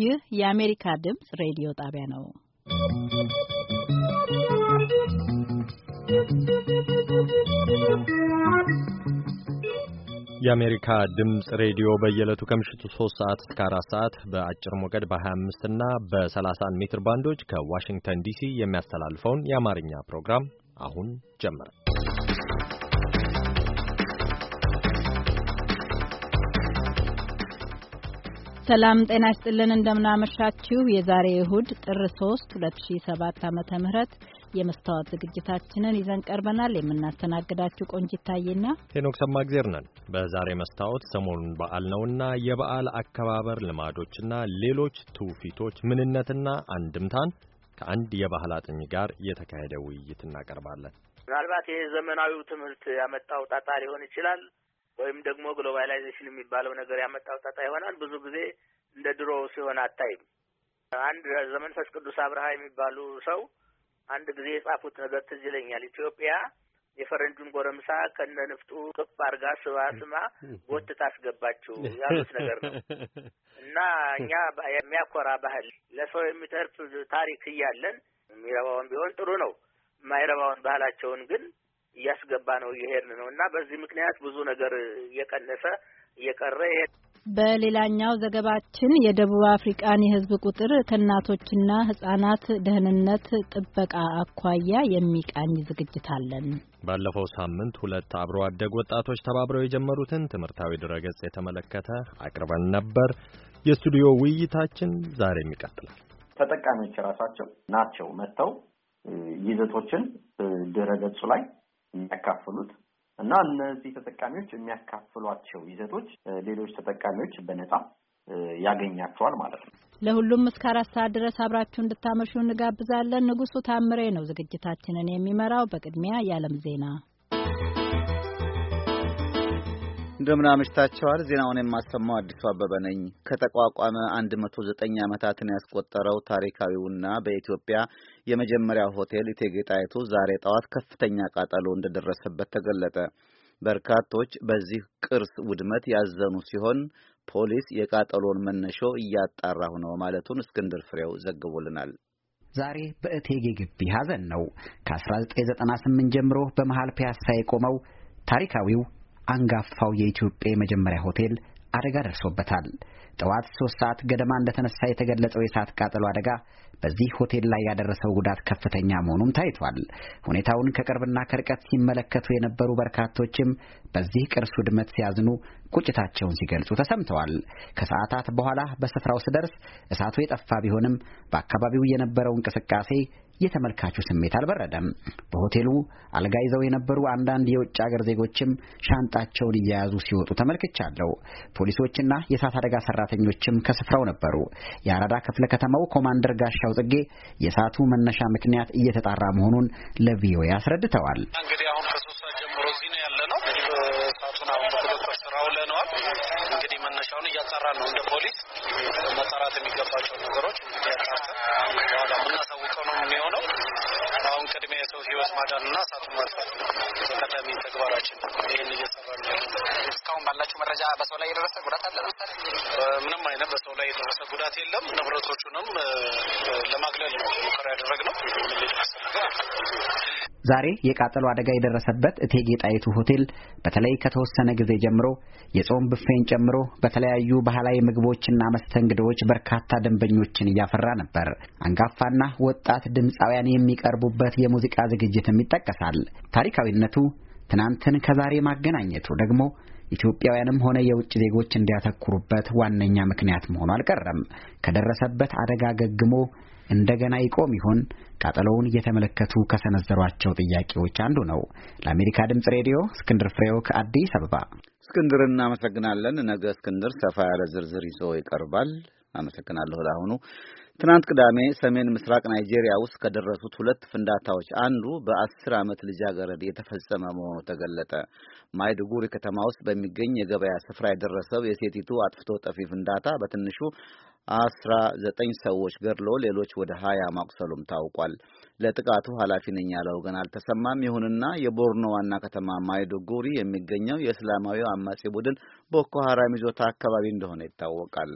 ይህ የአሜሪካ ድምፅ ሬዲዮ ጣቢያ ነው። የአሜሪካ ድምፅ ሬዲዮ በየዕለቱ ከምሽቱ 3 ሰዓት እስከ 4 ሰዓት በአጭር ሞገድ በ25 እና በ31 ሜትር ባንዶች ከዋሽንግተን ዲሲ የሚያስተላልፈውን የአማርኛ ፕሮግራም አሁን ጀመረ። ሰላም ጤና ይስጥልን። እንደምናመሻችሁ የዛሬ እሁድ ጥር 3 2007 ዓ ም የመስታወት ዝግጅታችንን ይዘን ቀርበናል። የምናስተናግዳችሁ ቆንጂት ታዬና ሄኖክ ሰማግዜር ነን። በዛሬ መስታወት ሰሞኑን በዓል ነውና የበዓል አከባበር ልማዶችና ሌሎች ትውፊቶች ምንነትና አንድምታን ከአንድ የባህል አጥኚ ጋር የተካሄደ ውይይት እናቀርባለን። ምናልባት ይህ ዘመናዊው ትምህርት ያመጣው ጣጣ ሊሆን ይችላል። ወይም ደግሞ ግሎባላይዜሽን የሚባለው ነገር ያመጣው ታታ ይሆናል። ብዙ ጊዜ እንደ ድሮ ሲሆን አታይም። አንድ ዘመንፈስ ቅዱስ አብርሃ የሚባሉ ሰው አንድ ጊዜ የጻፉት ነገር ትዝ ይለኛል። ኢትዮጵያ የፈረንጁን ጎረምሳ ከነ ንፍጡ ቅፍ አርጋ ስባ ስማ ጎትታ አስገባችው ያሉት ነገር ነው እና እኛ የሚያኮራ ባህል ለሰው የሚተርፍ ታሪክ እያለን የሚረባውን ቢሆን ጥሩ ነው። የማይረባውን ባህላቸውን ግን እያስገባ ነው እየሄድን ነው እና በዚህ ምክንያት ብዙ ነገር እየቀነሰ እየቀረ ይሄድ በሌላኛው ዘገባችን የደቡብ አፍሪቃን የሕዝብ ቁጥር ከእናቶችና ሕጻናት ደህንነት ጥበቃ አኳያ የሚቃኝ ዝግጅት አለን። ባለፈው ሳምንት ሁለት አብሮ አደግ ወጣቶች ተባብረው የጀመሩትን ትምህርታዊ ድረገጽ የተመለከተ አቅርበን ነበር። የስቱዲዮ ውይይታችን ዛሬም ይቀጥላል። ተጠቃሚዎች ራሳቸው ናቸው መጥተው ይዘቶችን ድረገጹ ላይ የሚያካፍሉት እና እነዚህ ተጠቃሚዎች የሚያካፍሏቸው ይዘቶች ሌሎች ተጠቃሚዎች በነጻ ያገኛቸዋል ማለት ነው። ለሁሉም እስከ አራት ሰዓት ድረስ አብራችሁ እንድታመሹ እንጋብዛለን። ንጉሱ ታምሬ ነው ዝግጅታችንን የሚመራው። በቅድሚያ የዓለም ዜና እንደምን አምሽታችኋል። ዜናውን የማሰማው አዲሱ አበበ ነኝ። ከተቋቋመ 109 ዓመታትን ያስቆጠረው ታሪካዊውና በኢትዮጵያ የመጀመሪያው ሆቴል እቴጌ ጣይቱ ዛሬ ጠዋት ከፍተኛ ቃጠሎ እንደደረሰበት ተገለጠ። በርካቶች በዚህ ቅርስ ውድመት ያዘኑ ሲሆን ፖሊስ የቃጠሎን መነሾ እያጣራሁ ነው ማለቱን እስክንድር ፍሬው ዘግቦልናል። ዛሬ በእቴጌ ግቢ ሐዘን ነው። ከ1998 ጀምሮ በመሃል ፒያሳ የቆመው ታሪካዊው አንጋፋው የኢትዮጵያ የመጀመሪያ ሆቴል አደጋ ደርሶበታል። ጠዋት ሶስት ሰዓት ገደማ እንደተነሳ የተገለጸው የእሳት ቃጠሎ አደጋ በዚህ ሆቴል ላይ ያደረሰው ጉዳት ከፍተኛ መሆኑም ታይቷል። ሁኔታውን ከቅርብና ከርቀት ሲመለከቱ የነበሩ በርካቶችም በዚህ ቅርስ ውድመት ሲያዝኑ ቁጭታቸውን ሲገልጹ ተሰምተዋል። ከሰዓታት በኋላ በስፍራው ስደርስ እሳቱ የጠፋ ቢሆንም በአካባቢው የነበረው እንቅስቃሴ የተመልካቹ ስሜት አልበረደም። በሆቴሉ አልጋ ይዘው የነበሩ አንዳንድ የውጭ አገር ዜጎችም ሻንጣቸውን እየያዙ ሲወጡ ተመልክቻለሁ። ፖሊሶችና የእሳት አደጋ ሰራተኞችም ከስፍራው ነበሩ። የአራዳ ክፍለ ከተማው ኮማንደር ጋሻው ጽጌ የእሳቱ መነሻ ምክንያት እየተጣራ መሆኑን ለቪኦኤ አስረድተዋል። እንግዲህ አሁን ከሶስት ሰዓት ጀምሮ እዚህ ነው እየተጣራ ነው። እንደ ፖሊስ መጣራት የሚገባቸው ነገሮች እያጣራ በኋላ የምናሳውቀው ነው የሚሆነው። አሁን ቅድሚያ የሰው ህይወት ማዳንና እሳቱን ማጥፋት ነው። በቀዳሚ ተግባራችን ይህን እየሰራ ያላችሁ መረጃ በሰው ላይ የደረሰ ጉዳት አለ? ምንም አይነት በሰው ላይ የደረሰ ጉዳት የለም። ንብረቶቹንም ለማግለል ነው ሙከራ ያደረግነው። ዛሬ የቃጠሎ አደጋ የደረሰበት እቴጌ ጣይቱ ሆቴል በተለይ ከተወሰነ ጊዜ ጀምሮ የጾም ብፌን ጨምሮ በተለያዩ ባህላዊ ምግቦችና መስተንግዶዎች በርካታ ደንበኞችን እያፈራ ነበር። አንጋፋና ወጣት ድምፃውያን የሚቀርቡበት የሙዚቃ ዝግጅትም ይጠቀሳል። ታሪካዊነቱ ትናንትን ከዛሬ ማገናኘቱ ደግሞ ኢትዮጵያውያንም ሆነ የውጭ ዜጎች እንዲያተኩሩበት ዋነኛ ምክንያት መሆኑ አልቀረም። ከደረሰበት አደጋ ገግሞ እንደገና ይቆም ይሆን? ቃጠሎውን እየተመለከቱ ከሰነዘሯቸው ጥያቄዎች አንዱ ነው። ለአሜሪካ ድምፅ ሬዲዮ እስክንድር ፍሬው ከአዲስ አበባ። እስክንድር እናመሰግናለን። ነገ እስክንድር ሰፋ ያለ ዝርዝር ይዞ ይቀርባል። አመሰግናለሁ ለአሁኑ ትናንት ቅዳሜ ሰሜን ምስራቅ ናይጄሪያ ውስጥ ከደረሱት ሁለት ፍንዳታዎች አንዱ በአስር ዓመት ልጃገረድ የተፈጸመ መሆኑ ተገለጠ። ማይዱጉሪ ከተማ ውስጥ በሚገኝ የገበያ ስፍራ የደረሰው የሴቲቱ አጥፍቶ ጠፊ ፍንዳታ በትንሹ አስራ ዘጠኝ ሰዎች ገድሎ ሌሎች ወደ ሀያ ማቁሰሉም ታውቋል። ለጥቃቱ ኃላፊ ነኝ ያለ ወገን አልተሰማም። ይሁንና የቦርኖ ዋና ከተማ ማይዱጉሪ የሚገኘው የእስላማዊ አማጺ ቡድን ቦኮ ሀራም ይዞታ አካባቢ እንደሆነ ይታወቃል።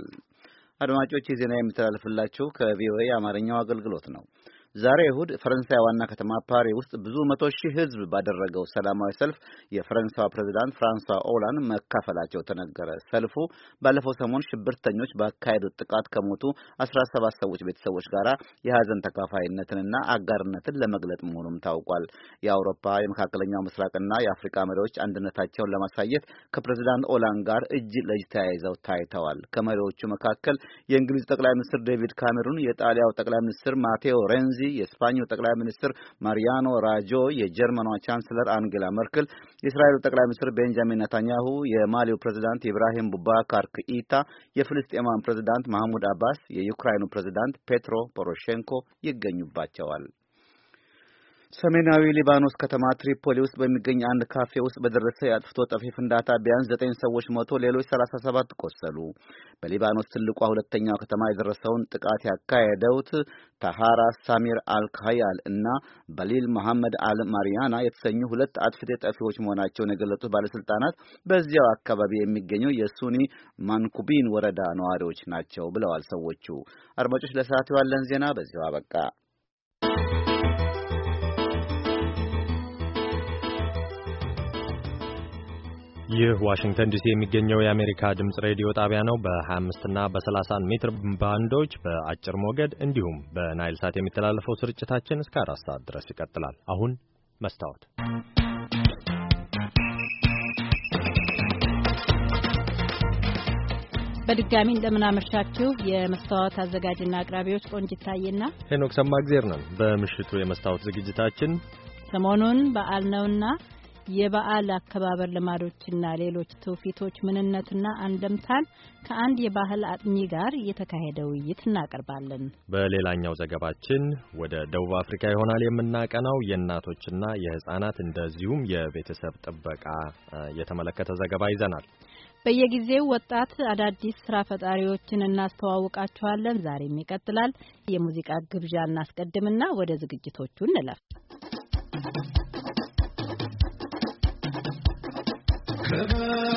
አድማጮች፣ የዜና የምተላልፍላችሁ ከቪኦኤ የአማርኛው አገልግሎት ነው። ዛሬ እሁድ ፈረንሳይ ዋና ከተማ ፓሪ ውስጥ ብዙ መቶ ሺህ ሕዝብ ባደረገው ሰላማዊ ሰልፍ የፈረንሳይ ፕሬዚዳንት ፍራንሷ ኦላን መካፈላቸው ተነገረ። ሰልፉ ባለፈው ሰሞን ሽብርተኞች ባካሄዱት ጥቃት ከሞቱ አስራ ሰባት ሰዎች ቤተሰቦች ጋር የሀዘን ተካፋይነትንና አጋርነትን ለመግለጥ መሆኑም ታውቋል። የአውሮፓ የመካከለኛው ምስራቅና የአፍሪካ መሪዎች አንድነታቸውን ለማሳየት ከፕሬዚዳንት ኦላን ጋር እጅ ለእጅ ተያይዘው ታይተዋል። ከመሪዎቹ መካከል የእንግሊዝ ጠቅላይ ሚኒስትር ዴቪድ ካሜሩን፣ የጣሊያው ጠቅላይ ሚኒስትር ማቴዎ ሬንዚ ሰርኮዚ፣ የስፓኙ ጠቅላይ ሚኒስትር ማሪያኖ ራጆ፣ የጀርመኗ ቻንስለር አንጌላ መርከል የእስራኤሉ ጠቅላይ ሚኒስትር ቤንጃሚን ነታንያሁ፣ የማሊው ፕሬዚዳንት ኢብራሂም ቡባካር ክኢታ፣ የፍልስጤማን ፕሬዚዳንት ማህሙድ አባስ፣ የዩክራይኑ ፕሬዚዳንት ፔትሮ ፖሮሼንኮ ይገኙባቸዋል። ሰሜናዊ ሊባኖስ ከተማ ትሪፖሊ ውስጥ በሚገኝ አንድ ካፌ ውስጥ በደረሰ የአጥፍቶ ጠፊ ፍንዳታ ቢያንስ ዘጠኝ ሰዎች ሞቶ ሌሎች ሰላሳ ሰባት ቆሰሉ። በሊባኖስ ትልቋ ሁለተኛው ከተማ የደረሰውን ጥቃት ያካሄደውት ታሃራ ሳሚር አልካያል እና በሊል መሐመድ አል ማሪያና የተሰኙ ሁለት አጥፍቴ ጠፊዎች መሆናቸውን የገለጹት ባለስልጣናት በዚያው አካባቢ የሚገኙ የሱኒ ማንኩቢን ወረዳ ነዋሪዎች ናቸው ብለዋል። ሰዎቹ አድማጮች፣ ለሰዓት ያለን ዜና በዚያው አበቃ። ይህ ዋሽንግተን ዲሲ የሚገኘው የአሜሪካ ድምፅ ሬዲዮ ጣቢያ ነው። በ25 ና በ30 ሜትር ባንዶች በአጭር ሞገድ እንዲሁም በናይል ሳት የሚተላለፈው ስርጭታችን እስከ አራት ሰዓት ድረስ ይቀጥላል። አሁን መስታወት በድጋሚ እንደምናመሻችሁ የመስታወት አዘጋጅና አቅራቢዎች ቆንጂት ታዬና ሄኖክ ሰማእግዜር ነን። በምሽቱ የመስታወት ዝግጅታችን ሰሞኑን በዓል ነውና የበዓል አከባበር ልማዶችና ሌሎች ትውፊቶች ምንነትና አንደምታን ከአንድ የባህል አጥኚ ጋር የተካሄደ ውይይት እናቀርባለን። በሌላኛው ዘገባችን ወደ ደቡብ አፍሪካ ይሆናል የምናቀናው። የእናቶችና የሕጻናት እንደዚሁም የቤተሰብ ጥበቃ የተመለከተ ዘገባ ይዘናል። በየጊዜው ወጣት አዳዲስ ስራ ፈጣሪዎችን እናስተዋውቃችኋለን። ዛሬም ይቀጥላል። የሙዚቃ ግብዣ እናስቀድምና ወደ ዝግጅቶቹ እንለፍ። Never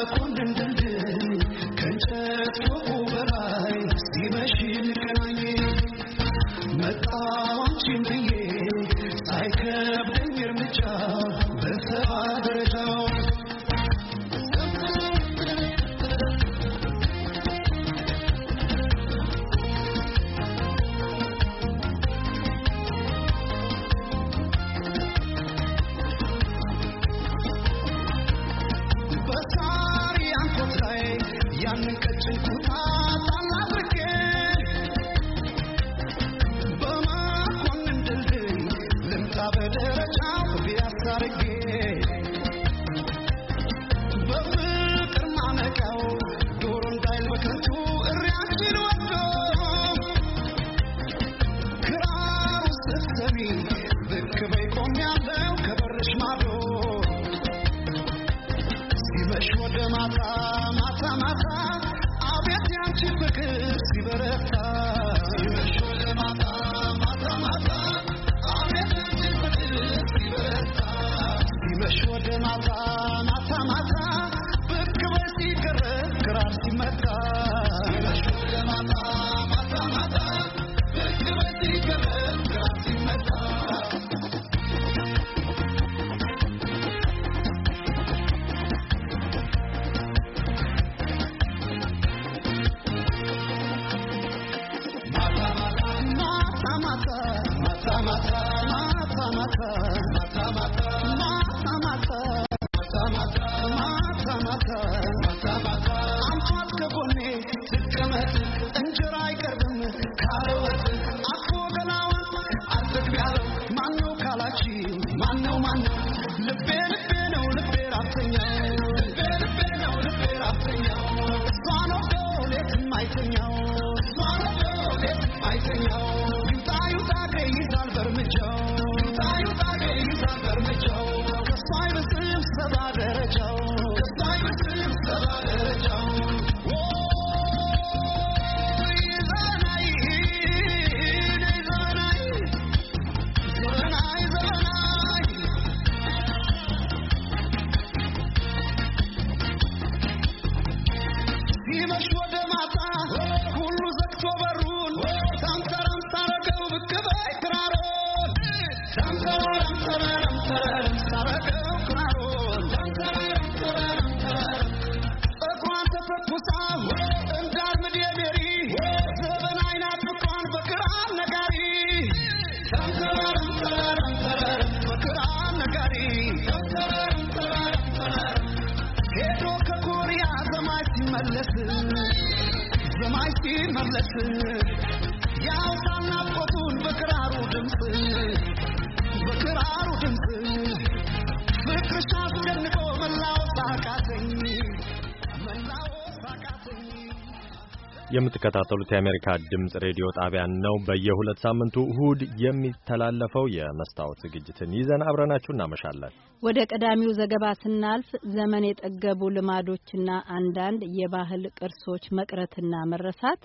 የምትከታተሉት የአሜሪካ ድምፅ ሬዲዮ ጣቢያን ነው። በየሁለት ሳምንቱ እሁድ የሚተላለፈው የመስታወት ዝግጅትን ይዘን አብረናችሁ እናመሻለን። ወደ ቀዳሚው ዘገባ ስናልፍ ዘመን የጠገቡ ልማዶችና አንዳንድ የባህል ቅርሶች መቅረትና መረሳት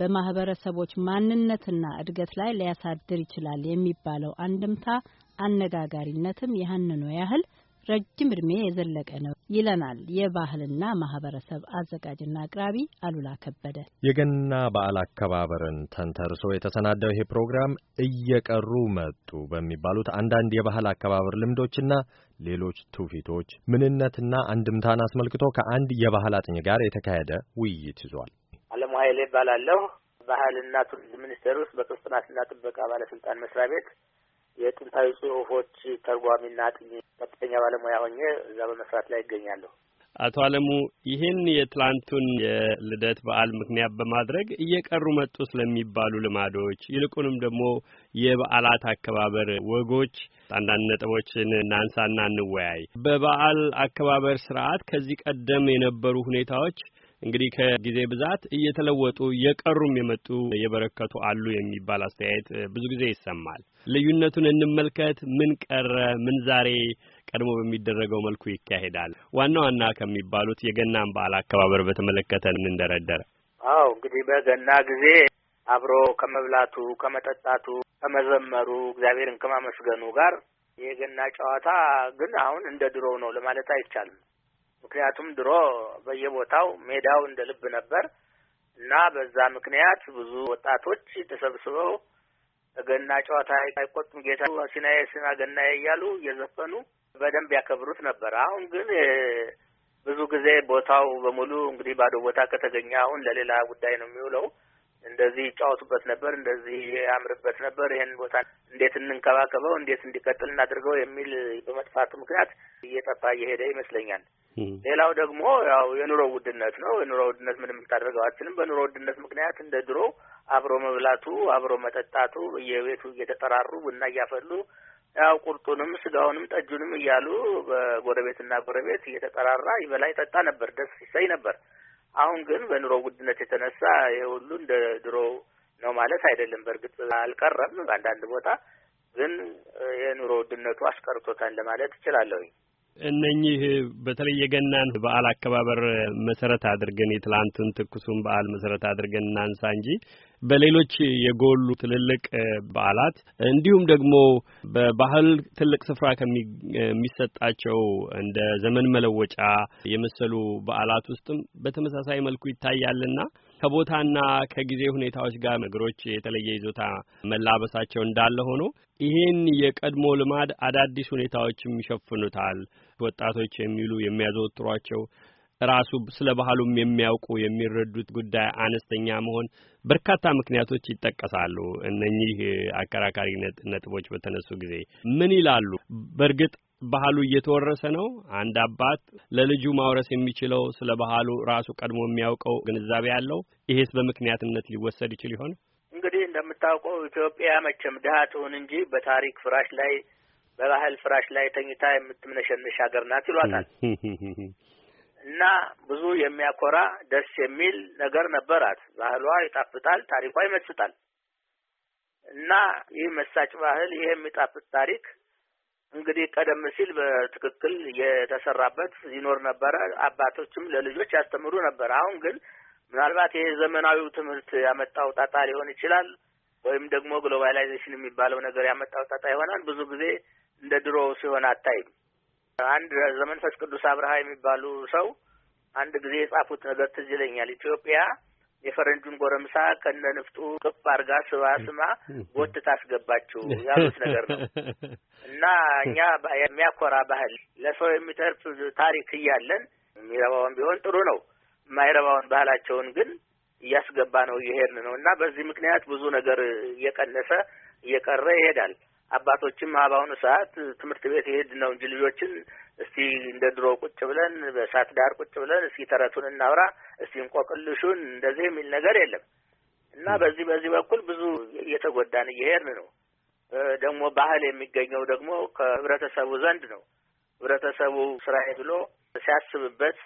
በማህበረሰቦች ማንነትና እድገት ላይ ሊያሳድር ይችላል የሚባለው አንድምታ አነጋጋሪነትም ያንኑ ያህል ረጅም እድሜ የዘለቀ ነው ይለናል የባህልና ማህበረሰብ አዘጋጅና አቅራቢ አሉላ ከበደ። የገና በዓል አከባበርን ተንተርሶ የተሰናዳው ይሄ ፕሮግራም እየቀሩ መጡ በሚባሉት አንዳንድ የባህል አከባበር ልምዶችና ሌሎች ትውፊቶች ምንነትና አንድምታን አስመልክቶ ከአንድ የባህል አጥኚ ጋር የተካሄደ ውይይት ይዟል። አለሙ ኃይሌ እባላለሁ። ባህልና ቱሪዝም ሚኒስቴር ውስጥ በቅርስ ጥናትና ጥበቃ ባለስልጣን መስሪያ ቤት የጥንታዊ ጽሁፎች ተርጓሚና አጥኚ ከፍተኛ ባለሙያ ሆኜ እዛ በመስራት ላይ ይገኛለሁ። አቶ አለሙ ይህን የትላንቱን የልደት በዓል ምክንያት በማድረግ እየቀሩ መጡ ስለሚባሉ ልማዶች ይልቁንም ደግሞ የበዓላት አከባበር ወጎች አንዳንድ ነጥቦችን እናንሳና እንወያይ። በበዓል አከባበር ስርዓት ከዚህ ቀደም የነበሩ ሁኔታዎች እንግዲህ ከጊዜ ብዛት እየተለወጡ የቀሩም የመጡ የበረከቱ አሉ የሚባል አስተያየት ብዙ ጊዜ ይሰማል። ልዩነቱን እንመልከት። ምን ቀረ? ምን ዛሬ ቀድሞ በሚደረገው መልኩ ይካሄዳል? ዋና ዋና ከሚባሉት የገናን በዓል አከባበር በተመለከተ እንደረደረ። አዎ እንግዲህ በገና ጊዜ አብሮ ከመብላቱ ከመጠጣቱ፣ ከመዘመሩ እግዚአብሔርን ከማመስገኑ ጋር የገና ጨዋታ ግን አሁን እንደ ድሮው ነው ለማለት አይቻልም። ምክንያቱም ድሮ በየቦታው ሜዳው እንደ ልብ ነበር እና በዛ ምክንያት ብዙ ወጣቶች ተሰብስበው ገና ጨዋታ አይቆጡም። ጌታ ሲናዬ ሲና ገና እያሉ እየዘፈኑ በደንብ ያከብሩት ነበር። አሁን ግን ብዙ ጊዜ ቦታው በሙሉ እንግዲህ ባዶ ቦታ ከተገኘ አሁን ለሌላ ጉዳይ ነው የሚውለው። እንደዚህ ይጫወቱበት ነበር፣ እንደዚህ ያምርበት ነበር፣ ይህን ቦታ እንዴት እንንከባከበው፣ እንዴት እንዲቀጥል እናድርገው የሚል በመጥፋቱ ምክንያት እየጠፋ እየሄደ ይመስለኛል። ሌላው ደግሞ ያው የኑሮ ውድነት ነው። የኑሮ ውድነት ምንም ልታደርገው አትችልም። በኑሮ ውድነት ምክንያት እንደ ድሮ አብሮ መብላቱ፣ አብሮ መጠጣቱ፣ በየቤቱ እየተጠራሩ ቡና እያፈሉ ያው ቁርጡንም ስጋውንም ጠጁንም እያሉ በጎረቤትና ጎረቤት እየተጠራራ ይበላ ይጠጣ ነበር፣ ደስ ይሰኝ ነበር። አሁን ግን በኑሮ ውድነት የተነሳ ይሄ ሁሉ እንደ ድሮ ነው ማለት አይደለም። በእርግጥ አልቀረም፣ በአንዳንድ ቦታ ግን የኑሮ ውድነቱ አስቀርቶታል ለማለት እችላለሁኝ። እነኚህ በተለይ የገናን በዓል አከባበር መሰረት አድርገን የትላንቱን ትኩሱን በዓል መሰረት አድርገን እናንሳ እንጂ በሌሎች የጎሉ ትልልቅ በዓላት እንዲሁም ደግሞ በባህል ትልቅ ስፍራ ከሚሰጣቸው እንደ ዘመን መለወጫ የመሰሉ በዓላት ውስጥም በተመሳሳይ መልኩ ይታያልና ከቦታና ከጊዜ ሁኔታዎች ጋር ነገሮች የተለየ ይዞታ መላበሳቸው እንዳለ ሆኖ ይህን የቀድሞ ልማድ አዳዲስ ሁኔታዎችም ይሸፍኑታል። ወጣቶች የሚሉ የሚያዘወትሯቸው ራሱ ስለ ባህሉም የሚያውቁ የሚረዱት ጉዳይ አነስተኛ መሆን በርካታ ምክንያቶች ይጠቀሳሉ። እነኚህ አከራካሪ ነጥቦች በተነሱ ጊዜ ምን ይላሉ? በእርግጥ ባህሉ እየተወረሰ ነው? አንድ አባት ለልጁ ማውረስ የሚችለው ስለ ባህሉ ራሱ ቀድሞ የሚያውቀው ግንዛቤ አለው? ይሄስ በምክንያትነት ሊወሰድ ይችል ይሆን? እንግዲህ እንደምታውቀው ኢትዮጵያ መቼም ድሀ ትሁን እንጂ በታሪክ ፍራሽ ላይ በባህል ፍራሽ ላይ ተኝታ የምትምነሸንሽ ሀገር ናት ይሏታል። እና ብዙ የሚያኮራ ደስ የሚል ነገር ነበራት። ባህሏ ይጣፍጣል፣ ታሪኳ ይመስጣል። እና ይህ መሳጭ ባህል፣ ይህ የሚጣፍጥ ታሪክ እንግዲህ ቀደም ሲል በትክክል የተሰራበት ይኖር ነበረ። አባቶችም ለልጆች ያስተምሩ ነበር። አሁን ግን ምናልባት ይሄ ዘመናዊው ትምህርት ያመጣው ጣጣ ሊሆን ይችላል፣ ወይም ደግሞ ግሎባላይዜሽን የሚባለው ነገር ያመጣው ጣጣ ይሆናል። ብዙ ጊዜ እንደ ድሮ ሲሆን አታይም። አንድ ዘመንፈስ ቅዱስ አብርሃ የሚባሉ ሰው አንድ ጊዜ የጻፉት ነገር ትዝ ይለኛል። ኢትዮጵያ የፈረንጁን ጎረምሳ ከነ ንፍጡ ቅፍ አርጋ ስባ ስማ ጎትታ አስገባችው ያሉት ነገር ነው እና እኛ የሚያኮራ ባህል ለሰው የሚተርፍ ታሪክ እያለን የሚረባውን ቢሆን ጥሩ ነው። የማይረባውን ባህላቸውን ግን እያስገባ ነው እየሄድን ነው እና በዚህ ምክንያት ብዙ ነገር እየቀነሰ እየቀረ ይሄዳል። አባቶችም በአሁኑ ሰዓት ትምህርት ቤት ይሄድ ነው እንጂ ልጆችን እስቲ እንደ ድሮ ቁጭ ብለን በእሳት ዳር ቁጭ ብለን እስቲ ተረቱን እናውራ፣ እስቲ እንቆቅልሹን እንደዚህ የሚል ነገር የለም እና በዚህ በዚህ በኩል ብዙ እየተጎዳን እየሄድን ነው። ደግሞ ባህል የሚገኘው ደግሞ ከህብረተሰቡ ዘንድ ነው። ህብረተሰቡ ስራዬ ብሎ ሲያስብበት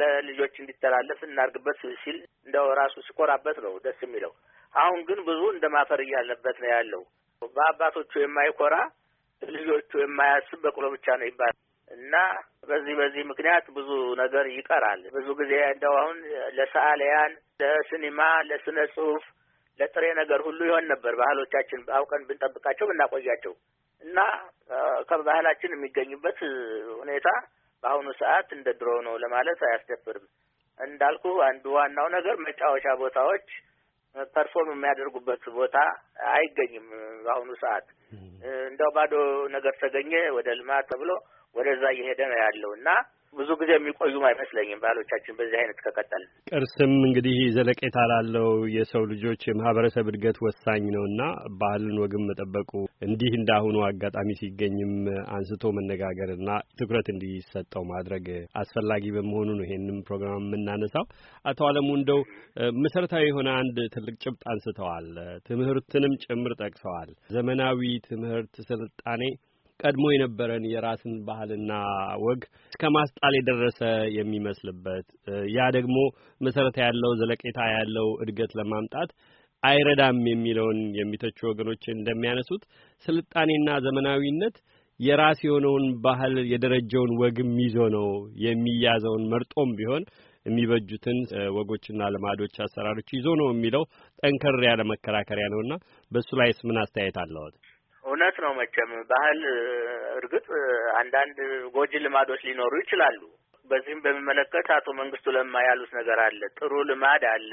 ለልጆች እንዲተላለፍ እናርግበት ሲል እንደው ራሱ ሲኮራበት ነው ደስ የሚለው። አሁን ግን ብዙ እንደማፈር እያለበት ነው ያለው። በአባቶቹ የማይኮራ ልጆቹ የማያስብ በቅሎ ብቻ ነው ይባላል እና በዚህ በዚህ ምክንያት ብዙ ነገር ይቀራል። ብዙ ጊዜ እንደው አሁን ለሰዓሊያን፣ ለሲኒማ፣ ለስነ ጽሁፍ፣ ለጥሬ ነገር ሁሉ ይሆን ነበር ባህሎቻችን አውቀን ብንጠብቃቸው ብናቆያቸው እና ከባህላችን የሚገኙበት ሁኔታ በአሁኑ ሰዓት እንደ ድሮ ነው ለማለት አያስደፍርም። እንዳልኩ አንዱ ዋናው ነገር መጫወቻ ቦታዎች ፐርፎርም የሚያደርጉበት ቦታ አይገኝም። በአሁኑ ሰዓት እንደው ባዶ ነገር ተገኘ ወደ ልማት ተብሎ ወደዛ እየሄደ ነው ያለው እና ብዙ ጊዜ የሚቆዩም አይመስለኝም ባህሎቻችን በዚህ አይነት ከቀጠል። ቅርስም እንግዲህ ዘለቄታ ላለው የሰው ልጆች የማህበረሰብ እድገት ወሳኝ ነው እና ባህልን ወግም መጠበቁ እንዲህ እንዳሁኑ አጋጣሚ ሲገኝም አንስቶ መነጋገር እና ትኩረት እንዲሰጠው ማድረግ አስፈላጊ በመሆኑ ነው ይሄንም ፕሮግራም የምናነሳው። አቶ አለሙ እንደው መሰረታዊ የሆነ አንድ ትልቅ ጭብጥ አንስተዋል፣ ትምህርትንም ጭምር ጠቅሰዋል። ዘመናዊ ትምህርት ስልጣኔ ቀድሞ የነበረን የራስን ባህልና ወግ እስከ ማስጣል የደረሰ የሚመስልበት ያ ደግሞ መሰረት ያለው ዘለቄታ ያለው እድገት ለማምጣት አይረዳም የሚለውን የሚተቹ ወገኖች እንደሚያነሱት ስልጣኔና ዘመናዊነት የራስ የሆነውን ባህል የደረጀውን ወግም ይዞ ነው የሚያዘውን መርጦም ቢሆን የሚበጁትን ወጎችና ልማዶች፣ አሰራሮች ይዞ ነው የሚለው ጠንከር ያለ መከራከሪያ ነውና በእሱ ላይ ምን አስተያየት አለዎት? እውነት ነው። መቼም ባህል እርግጥ አንዳንድ ጎጂ ልማዶች ሊኖሩ ይችላሉ። በዚህም በሚመለከት አቶ መንግስቱ ለማ ያሉት ነገር አለ። ጥሩ ልማድ አለ፣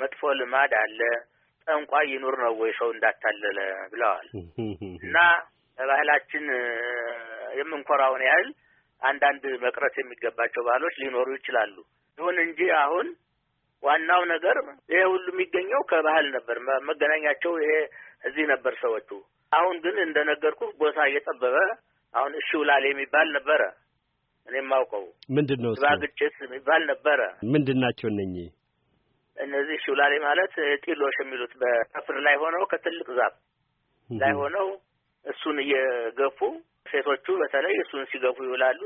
መጥፎ ልማድ አለ። ጠንቋይ ይኑር ነው ወይ ሰው እንዳታለለ ብለዋል። እና በባህላችን የምንኮራውን ያህል አንዳንድ መቅረት የሚገባቸው ባህሎች ሊኖሩ ይችላሉ። ይሁን እንጂ አሁን ዋናው ነገር ይሄ ሁሉ የሚገኘው ከባህል ነበር። መገናኛቸው ይሄ እዚህ ነበር ሰዎቹ አሁን ግን እንደነገርኩ ቦታ እየጠበበ አሁን እሺው ላል የሚባል ነበረ። እኔ የማውቀው ምንድን ነው ግጭት የሚባል ነበረ። ምንድን ናቸው እነኚህ? እነዚህ እሺ ማለት ጢሎሽ የሚሉት በከፍር ላይ ሆነው ከትልቅ ዛፍ ላይ ሆነው እሱን እየገፉ ሴቶቹ በተለይ እሱን ሲገፉ ይውላሉ።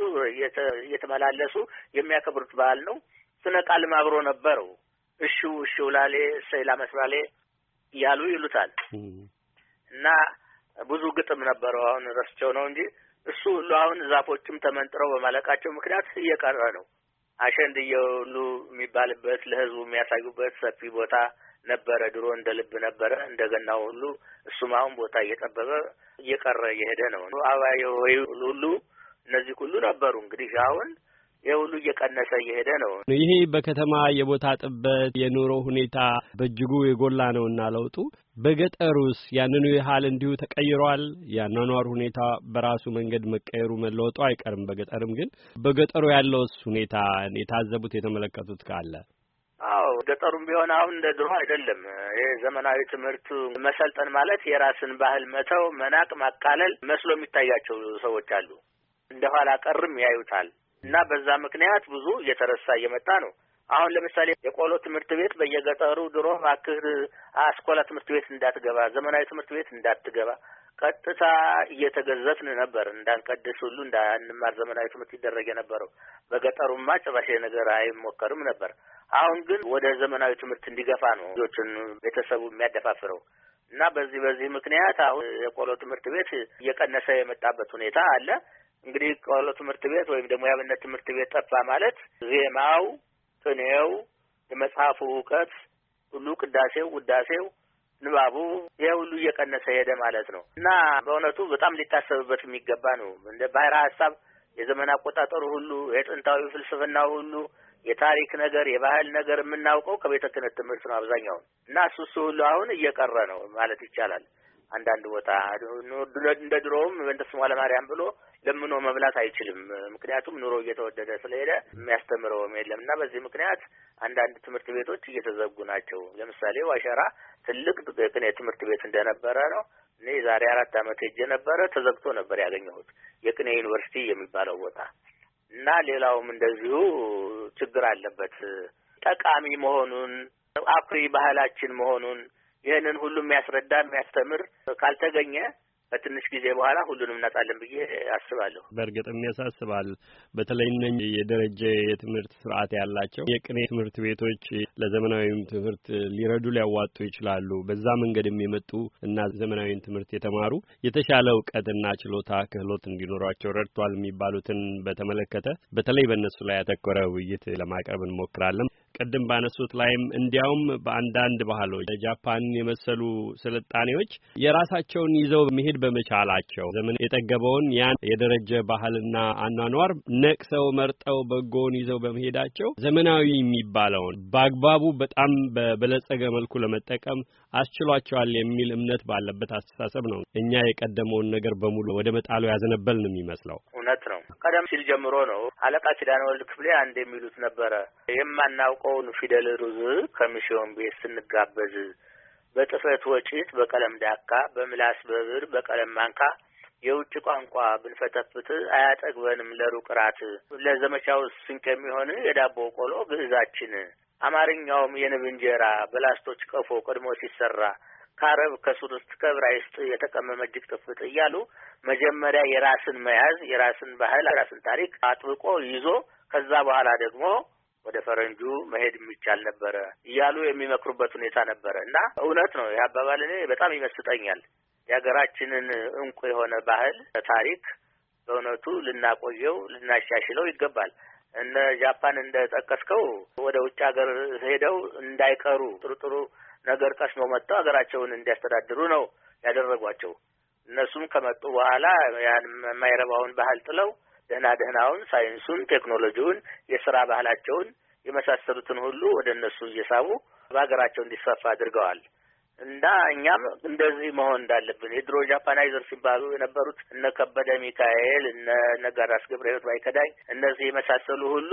እየተመላለሱ የሚያከብሩት በዓል ነው። ስነ ቃልም አብሮ ነበረው። እሹ እሺው ላሌ ሰይላ መስላሌ እያሉ ይሉታል እና ብዙ ግጥም ነበረው። አሁን ረስቸው ነው እንጂ እሱ ሁሉ አሁን ዛፎችም ተመንጥረው በማለቃቸው ምክንያት እየቀረ ነው። አሸንድ ሁሉ የሚባልበት ለህዝቡ የሚያሳዩበት ሰፊ ቦታ ነበረ። ድሮ እንደ ልብ ነበረ እንደገናው ሁሉ እሱም አሁን ቦታ እየጠበበ እየቀረ እየሄደ ነው። አባየ ወይ ሁሉ እነዚህ ሁሉ ነበሩ እንግዲህ አሁን ይህ ሁሉ እየቀነሰ እየሄደ ነው። ይሄ በከተማ የቦታ ጥበት የኑሮ ሁኔታ በእጅጉ የጎላ ነውና ለውጡ በገጠሩስ ያንኑ ያህል እንዲሁ ተቀይሯል። የአኗኗር ሁኔታ በራሱ መንገድ መቀየሩ መለወጡ አይቀርም። በገጠርም ግን በገጠሩ ያለውስ ሁኔታ የታዘቡት የተመለከቱት ካለ? አዎ ገጠሩም ቢሆን አሁን እንደ ድሮ አይደለም። ይህ ዘመናዊ ትምህርቱ መሰልጠን ማለት የራስን ባህል መተው፣ መናቅ፣ ማቃለል መስሎ የሚታያቸው ሰዎች አሉ። እንደ ኋላ ቀርም ያዩታል እና በዛ ምክንያት ብዙ እየተረሳ እየመጣ ነው። አሁን ለምሳሌ የቆሎ ትምህርት ቤት በየገጠሩ ድሮ እባክህ አስኮላ ትምህርት ቤት እንዳትገባ፣ ዘመናዊ ትምህርት ቤት እንዳትገባ ቀጥታ እየተገዘትን ነበር እንዳንቀድስ ሁሉ እንዳንማር ዘመናዊ ትምህርት ይደረግ የነበረው በገጠሩማ ጭራሽ ነገር አይሞከርም ነበር። አሁን ግን ወደ ዘመናዊ ትምህርት እንዲገፋ ነው ልጆችን ቤተሰቡ የሚያደፋፍረው እና በዚህ በዚህ ምክንያት አሁን የቆሎ ትምህርት ቤት እየቀነሰ የመጣበት ሁኔታ አለ። እንግዲህ ቆሎ ትምህርት ቤት ወይም ደግሞ የአብነት ትምህርት ቤት ጠፋ ማለት ዜማው ቅኔው፣ የመጽሐፉ እውቀት ሁሉ ቅዳሴው፣ ውዳሴው፣ ንባቡ ይህ ሁሉ እየቀነሰ ሄደ ማለት ነው እና በእውነቱ በጣም ሊታሰብበት የሚገባ ነው። እንደ ባሕረ ሀሳብ የዘመን አቆጣጠሩ ሁሉ የጥንታዊ ፍልስፍና ሁሉ የታሪክ ነገር የባህል ነገር የምናውቀው ከቤተ ክህነት ትምህርት ነው አብዛኛውን እና እሱ እሱ ሁሉ አሁን እየቀረ ነው ማለት ይቻላል። አንዳንድ ቦታ እንደ ድሮውም እንደ ስሟ ለማርያም ብሎ ለምኖ መብላት አይችልም። ምክንያቱም ኑሮ እየተወደደ ስለሄደ የሚያስተምረውም የለም እና በዚህ ምክንያት አንዳንድ ትምህርት ቤቶች እየተዘጉ ናቸው። ለምሳሌ ዋሸራ ትልቅ ቅኔ ትምህርት ቤት እንደነበረ ነው። እኔ ዛሬ አራት ዓመት ሄጄ ነበረ። ተዘግቶ ነበር ያገኘሁት የቅኔ ዩኒቨርሲቲ የሚባለው ቦታ እና ሌላውም እንደዚሁ ችግር አለበት። ጠቃሚ መሆኑን አኩሪ ባህላችን መሆኑን ይህንን ሁሉ የሚያስረዳ የሚያስተምር ካልተገኘ በትንሽ ጊዜ በኋላ ሁሉንም እናጣለን ብዬ አስባለሁ። በእርግጥም ያሳስባል። በተለይ እነ የደረጀ የትምህርት ስርዓት ያላቸው የቅኔ ትምህርት ቤቶች ለዘመናዊም ትምህርት ሊረዱ ሊያዋጡ ይችላሉ። በዛ መንገድም የመጡ እና ዘመናዊን ትምህርት የተማሩ የተሻለ እውቀትና ችሎታ ክህሎት እንዲኖሯቸው ረድቷል የሚባሉትን በተመለከተ በተለይ በእነሱ ላይ ያተኮረ ውይይት ለማቅረብ እንሞክራለን። ቅድም ባነሱት ላይም እንዲያውም በአንዳንድ ባህሎች ጃፓንን የመሰሉ ስልጣኔዎች የራሳቸውን ይዘው መሄድ በመቻላቸው ዘመን የጠገበውን ያን የደረጀ ባህልና አኗኗር ነቅሰው መርጠው በጎውን ይዘው በመሄዳቸው ዘመናዊ የሚባለውን በአግባቡ በጣም በበለጸገ መልኩ ለመጠቀም አስችሏቸዋል የሚል እምነት ባለበት አስተሳሰብ ነው እኛ የቀደመውን ነገር በሙሉ ወደ መጣሉ ያዘነበል ነው የሚመስለው። እውነት ነው። ቀደም ሲል ጀምሮ ነው አለቃ ኪዳነ ወልድ ክፍሌ አንድ የሚሉት ነበረ የማናውቀውን ፊደል ሩዝ ከሚስዮን ቤት ስንጋበዝ በጥፈት ወጪት፣ በቀለም ዳካ፣ በምላስ በብር፣ በቀለም ማንካ የውጭ ቋንቋ ብንፈተፍት አያጠግበንም ለሩቅ ራት። ለዘመቻው ስንቅ የሚሆን የዳቦ ቆሎ ግዕዛችን፣ አማርኛውም የንብ እንጀራ በላስቶች ቀፎ ቀድሞ ሲሰራ ከአረብ ከብራ ከዕብራይስጥ የተቀመመ እጅግ ጥፍጥ እያሉ መጀመሪያ የራስን መያዝ የራስን ባህል የራስን ታሪክ አጥብቆ ይዞ ከዛ በኋላ ደግሞ ወደ ፈረንጁ መሄድ የሚቻል ነበረ እያሉ የሚመክሩበት ሁኔታ ነበረ እና እውነት ነው ይህ አባባል እኔ በጣም ይመስጠኛል። የሀገራችንን እንቁ የሆነ ባህል ታሪክ በእውነቱ ልናቆየው ልናሻሽለው ይገባል። እነ ጃፓን እንደጠቀስከው ወደ ውጭ ሀገር ሄደው እንዳይቀሩ ጥሩ ጥሩ ነገር ቀስሞ መጥተው ሀገራቸውን እንዲያስተዳድሩ ነው ያደረጓቸው። እነሱም ከመጡ በኋላ ያን የማይረባውን ባህል ጥለው ደህና ደህናውን ሳይንሱን፣ ቴክኖሎጂውን፣ የስራ ባህላቸውን የመሳሰሉትን ሁሉ ወደ እነሱ እየሳቡ በሀገራቸው እንዲስፋፋ አድርገዋል እና እኛም እንደዚህ መሆን እንዳለብን የድሮ ጃፓናይዘር ሲባሉ የነበሩት እነ ከበደ ሚካኤል፣ እነ ነጋራስ ገብረ ሕይወት ባይከዳኝ እነዚህ የመሳሰሉ ሁሉ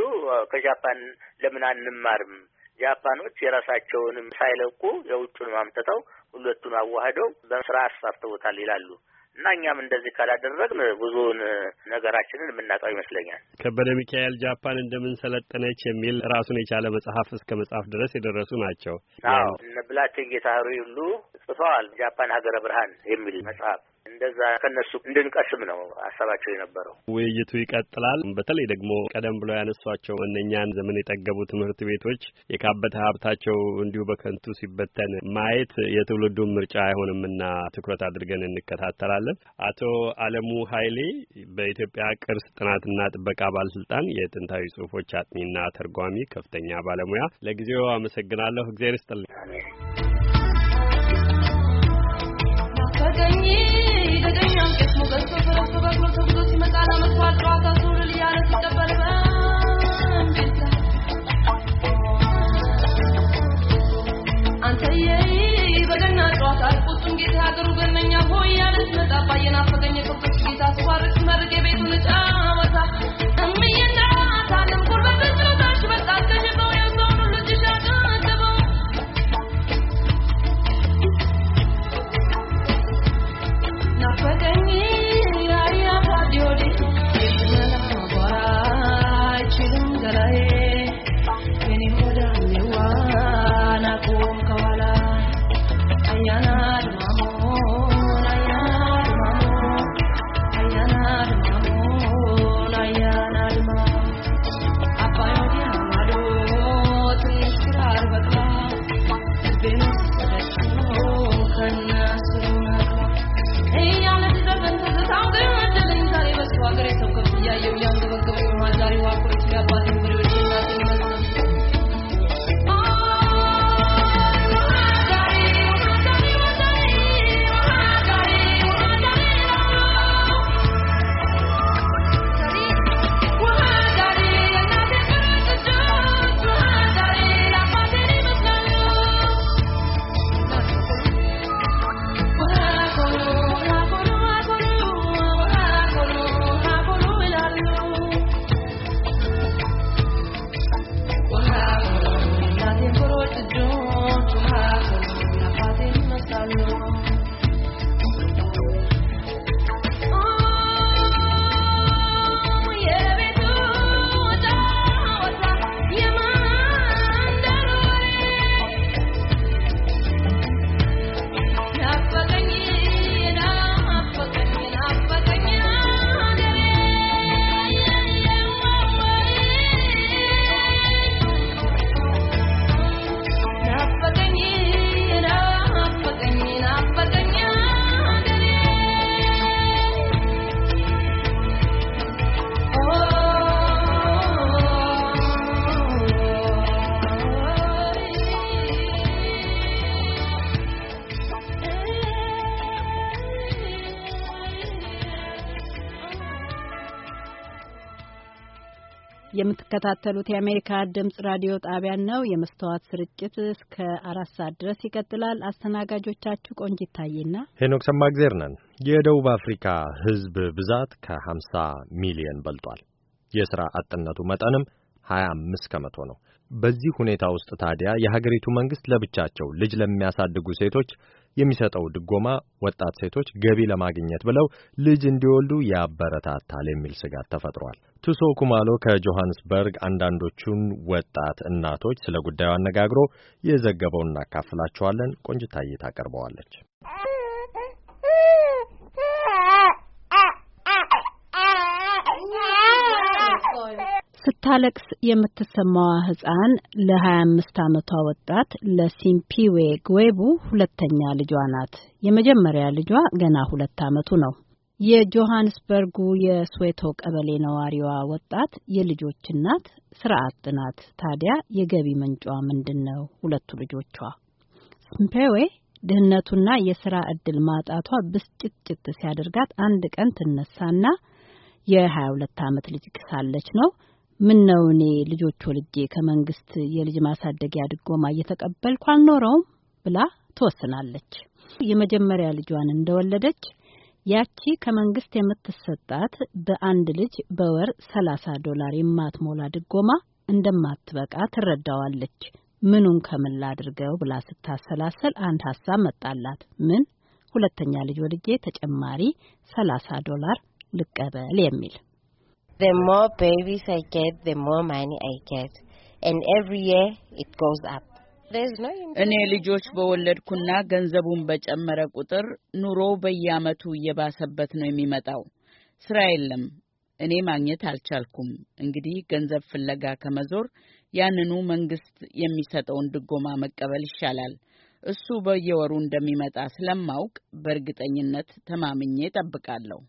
ከጃፓን ለምን አንማርም? ጃፓኖች የራሳቸውንም ሳይለቁ የውጩን አምጥተው ሁለቱን አዋህደው በስራ አስፋፍተውታል ይላሉ። እና እኛም እንደዚህ ካላደረግን ብዙውን ነገራችንን የምናጣው ይመስለኛል። ከበደ ሚካኤል ጃፓን እንደምን ሰለጠነች የሚል ራሱን የቻለ መጽሐፍ እስከ መጽሐፍ ድረስ የደረሱ ናቸው። አዎ እነ ጌታሪ ሁሉ ጽፈዋል። ጃፓን ሀገረ ብርሃን የሚል መጽሐፍ እንደዛ ከነሱ እንድንቀስም ነው ሀሳባቸው የነበረው። ውይይቱ ይቀጥላል። በተለይ ደግሞ ቀደም ብለው ያነሷቸው እነኛን ዘመን የጠገቡ ትምህርት ቤቶች የካበተ ሀብታቸው እንዲሁ በከንቱ ሲበተን ማየት የትውልዱን ምርጫ አይሆንምና ትኩረት አድርገን እንከታተላለን። አቶ አለሙ ኃይሌ በኢትዮጵያ ቅርስ ጥናትና ጥበቃ ባለስልጣን የጥንታዊ ጽሁፎች አጥኚና ተርጓሚ ከፍተኛ ባለሙያ፣ ለጊዜው አመሰግናለሁ። እግዚአብሔር ይስጥልኝ። ሲመጣ ላመጥቷል ጠዋት አስውልል እያለ ሲቀበል በእምቢልታ ጨዋታ አልቆጡም ጌታ ሀገሩ ገነኛ ሆይ ያለ ሲመጣ ባየናፈቀኝ የከብቶች ጌታ ስዋርቅ መርቅ የቤቱን ጫወታ na kuom kawala ayana የምትከታተሉት የአሜሪካ ድምጽ ራዲዮ ጣቢያን ነው። የመስተዋት ስርጭት እስከ አራት ሰዓት ድረስ ይቀጥላል። አስተናጋጆቻችሁ ቆንጅ ይታይና ሄኖክ ሰማእግዜር ነን። የደቡብ አፍሪካ ህዝብ ብዛት ከ50 ሚሊዮን በልጧል። የሥራ አጥነቱ መጠንም 25 ከመቶ ነው። በዚህ ሁኔታ ውስጥ ታዲያ የሀገሪቱ መንግስት ለብቻቸው ልጅ ለሚያሳድጉ ሴቶች የሚሰጠው ድጎማ ወጣት ሴቶች ገቢ ለማግኘት ብለው ልጅ እንዲወልዱ ያበረታታል የሚል ስጋት ተፈጥሯል። ቱሶ ኩማሎ ከጆሃንስበርግ አንዳንዶቹን ወጣት እናቶች ስለ ጉዳዩ አነጋግሮ የዘገበውን ቆንጅታ ቆንጅታዬ ታቀርበዋለች። ስታለቅስ የምትሰማዋ ህጻን ለ25 ዓመቷ ወጣት ለሲምፒዌ ግዌቡ ሁለተኛ ልጇ ናት። የመጀመሪያ ልጇ ገና ሁለት ዓመቱ ነው። የጆሃንስበርጉ የስዌቶ ቀበሌ ነዋሪዋ ወጣት የልጆች እናት ስራ አጥ ናት። ታዲያ የገቢ ምንጯ ምንድን ነው? ሁለቱ ልጆቿ ስምፔዌ ድህነቱና የስራ እድል ማጣቷ ብስጭትጭት ሲያደርጋት አንድ ቀን ትነሳና የ22 ዓመት ልጅ ክሳለች ነው ምን ነው እኔ ልጆች ወልጄ ከመንግስት የልጅ ማሳደጊያ ድጎማ እየተቀበልኩ አልኖረውም ብላ ትወስናለች። የመጀመሪያ ልጇን እንደወለደች ያቺ ከመንግስት የምትሰጣት በአንድ ልጅ በወር 30 ዶላር የማትሞላ ድጎማ እንደማትበቃ ትረዳዋለች። ምኑን ከምን ላድርገው ብላ ስታሰላሰል አንድ ሀሳብ መጣላት። ምን ሁለተኛ ልጅ ወልጄ ተጨማሪ 30 ዶላር ልቀበል የሚል The more babies I get, the more money I get. And every year it goes up. እኔ ልጆች በወለድኩና ገንዘቡን በጨመረ ቁጥር ኑሮ በየዓመቱ እየባሰበት ነው የሚመጣው። ስራ የለም፣ እኔ ማግኘት አልቻልኩም። እንግዲህ ገንዘብ ፍለጋ ከመዞር ያንኑ መንግስት የሚሰጠውን ድጎማ መቀበል ይሻላል። እሱ በየወሩ እንደሚመጣ ስለማውቅ በእርግጠኝነት ተማምኜ ጠብቃለሁ።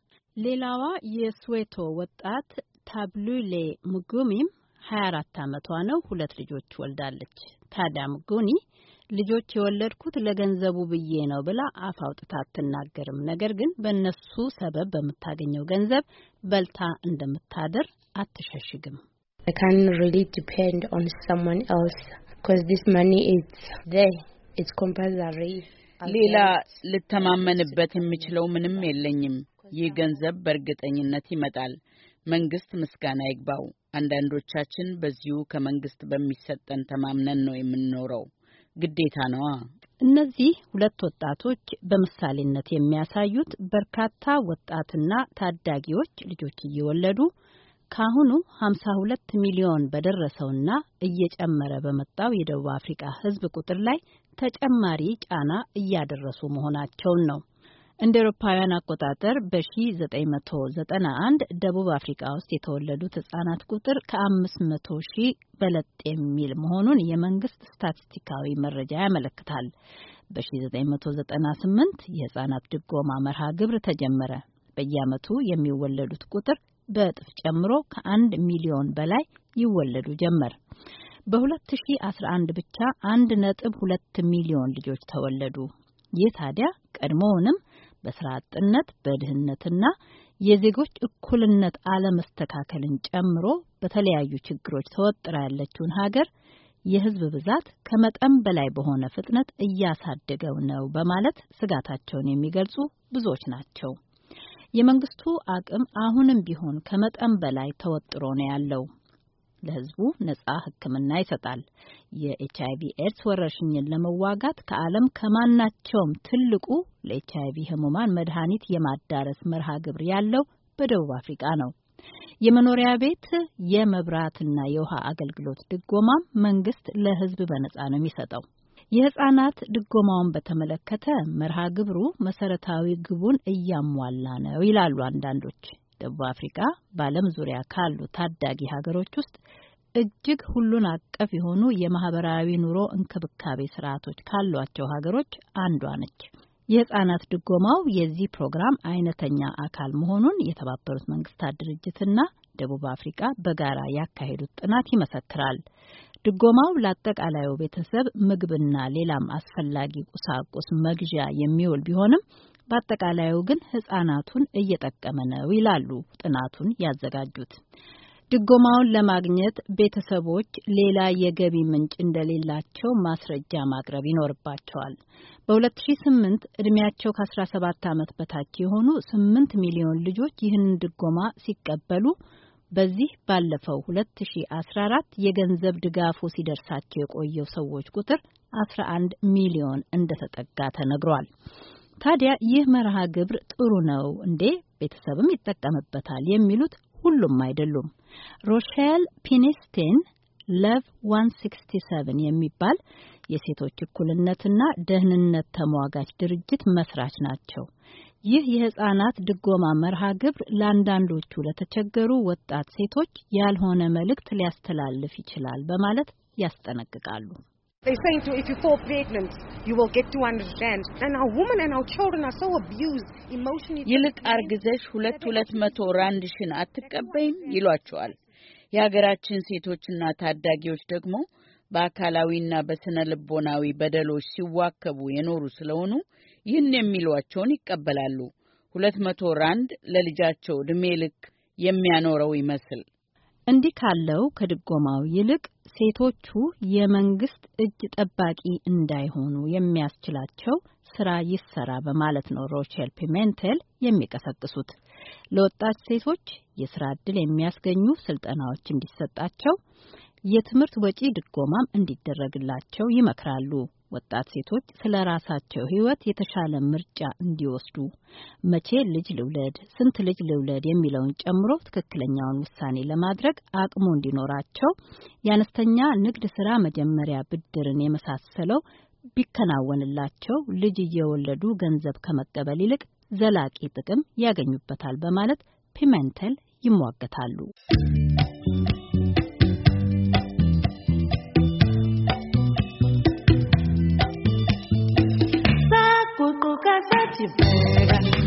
ሌላዋ የስዌቶ ወጣት ታብሉሌ ሙጉሚም 24 ዓመቷ ነው። ሁለት ልጆች ወልዳለች። ታዲያ ሙጉኒ ልጆች የወለድኩት ለገንዘቡ ብዬ ነው ብላ አፍ አውጥታ አትናገርም። ነገር ግን በእነሱ ሰበብ በምታገኘው ገንዘብ በልታ እንደምታደር አትሸሽግም። ሌላ ልተማመንበት የምችለው ምንም የለኝም። ይህ ገንዘብ በእርግጠኝነት ይመጣል። መንግስት ምስጋና ይግባው። አንዳንዶቻችን በዚሁ ከመንግስት በሚሰጠን ተማምነን ነው የምንኖረው። ግዴታ ነዋ። እነዚህ ሁለት ወጣቶች በምሳሌነት የሚያሳዩት በርካታ ወጣትና ታዳጊዎች ልጆች እየወለዱ ከአሁኑ 52 ሚሊዮን በደረሰውና እየጨመረ በመጣው የደቡብ አፍሪካ ሕዝብ ቁጥር ላይ ተጨማሪ ጫና እያደረሱ መሆናቸውን ነው። እንደ ኤሮፓውያን አቆጣጠር በ1991 ደቡብ አፍሪካ ውስጥ የተወለዱት ህጻናት ቁጥር ከ500 ሺህ በለጥ የሚል መሆኑን የመንግስት ስታቲስቲካዊ መረጃ ያመለክታል። በ1998 የህጻናት ድጎማ መርሃ ግብር ተጀመረ። በየዓመቱ የሚወለዱት ቁጥር በእጥፍ ጨምሮ ከአንድ ሚሊዮን በላይ ይወለዱ ጀመር። በ2011 ብቻ 1.2 ሚሊዮን ልጆች ተወለዱ። ይህ ታዲያ ቀድሞውንም በስራ አጥነት፣ በድህነትና የዜጎች እኩልነት አለመስተካከልን ጨምሮ በተለያዩ ችግሮች ተወጥራ ያለችውን ሀገር የህዝብ ብዛት ከመጠን በላይ በሆነ ፍጥነት እያሳደገው ነው በማለት ስጋታቸውን የሚገልጹ ብዙዎች ናቸው። የመንግስቱ አቅም አሁንም ቢሆን ከመጠን በላይ ተወጥሮ ነው ያለው። ለህዝቡ ነጻ ሕክምና ይሰጣል። የኤች አይቪ ኤድስ ወረርሽኝን ለመዋጋት ከዓለም ከማናቸውም ትልቁ ለኤች አይቪ ህሙማን መድኃኒት የማዳረስ መርሃ ግብር ያለው በደቡብ አፍሪቃ ነው። የመኖሪያ ቤት የመብራትና የውሃ አገልግሎት ድጎማም መንግስት ለህዝብ በነጻ ነው የሚሰጠው። የህጻናት ድጎማውን በተመለከተ መርሃ ግብሩ መሰረታዊ ግቡን እያሟላ ነው ይላሉ አንዳንዶች። ደቡብ አፍሪካ በዓለም ዙሪያ ካሉ ታዳጊ ሀገሮች ውስጥ እጅግ ሁሉን አቀፍ የሆኑ የማህበራዊ ኑሮ እንክብካቤ ስርዓቶች ካሏቸው ሀገሮች አንዷ ነች። የህጻናት ድጎማው የዚህ ፕሮግራም አይነተኛ አካል መሆኑን የተባበሩት መንግስታት ድርጅትና ደቡብ አፍሪካ በጋራ ያካሄዱት ጥናት ይመሰክራል። ድጎማው ለአጠቃላዩ ቤተሰብ ምግብና ሌላም አስፈላጊ ቁሳቁስ መግዣ የሚውል ቢሆንም በአጠቃላዩ ግን ህጻናቱን እየጠቀመ ነው ይላሉ ጥናቱን ያዘጋጁት። ድጎማውን ለማግኘት ቤተሰቦች ሌላ የገቢ ምንጭ እንደሌላቸው ማስረጃ ማቅረብ ይኖርባቸዋል። በ2008 ዕድሜያቸው ከ17 ዓመት በታች የሆኑ 8 ሚሊዮን ልጆች ይህንን ድጎማ ሲቀበሉ በዚህ ባለፈው 2014 የገንዘብ ድጋፉ ሲደርሳቸው የቆየው ሰዎች ቁጥር 11 ሚሊዮን እንደተጠጋ ተነግሯል። ታዲያ ይህ መርሃ ግብር ጥሩ ነው እንዴ? ቤተሰብም ይጠቀምበታል የሚሉት ሁሉም አይደሉም። ሮሼል ፒኒስቴን ለቭ 167 የሚባል የሴቶች እኩልነትና ደህንነት ተሟጋች ድርጅት መስራች ናቸው። ይህ የህጻናት ድጎማ መርሃ ግብር ለአንዳንዶቹ ለተቸገሩ ወጣት ሴቶች ያልሆነ መልእክት ሊያስተላልፍ ይችላል በማለት ያስጠነቅቃሉ። They're saying to if you fall pregnant, you will get 200 rand. And our women and our children are so abused emotionally. ይልቅ አርግዘሽ ሁለት ሁለት መቶ ራንድሽን አትቀበይም ይሏቸዋል። የሀገራችን ሴቶችና ታዳጊዎች ደግሞ በአካላዊና በስነ ልቦናዊ በደሎች ሲዋከቡ የኖሩ ስለሆኑ ይህን የሚሏቸውን ይቀበላሉ። ሁለት መቶ ራንድ ለልጃቸው ዕድሜ ልክ የሚያኖረው ይመስል እንዲህ ካለው ከድጎማው ይልቅ ሴቶቹ የመንግስት እጅ ጠባቂ እንዳይሆኑ የሚያስችላቸው ስራ ይሰራ በማለት ነው ሮቼል ፒሜንቴል የሚቀሰቅሱት። ለወጣት ሴቶች የስራ ዕድል የሚያስገኙ ስልጠናዎች እንዲሰጣቸው፣ የትምህርት ወጪ ድጎማም እንዲደረግላቸው ይመክራሉ። ወጣት ሴቶች ስለ ራሳቸው ህይወት የተሻለ ምርጫ እንዲወስዱ መቼ ልጅ ልውለድ፣ ስንት ልጅ ልውለድ የሚለውን ጨምሮ ትክክለኛውን ውሳኔ ለማድረግ አቅሙ እንዲኖራቸው የአነስተኛ ንግድ ስራ መጀመሪያ ብድርን የመሳሰለው ቢከናወንላቸው ልጅ እየወለዱ ገንዘብ ከመቀበል ይልቅ ዘላቂ ጥቅም ያገኙበታል በማለት ፒመንተል ይሟገታሉ። 不敢再一杯。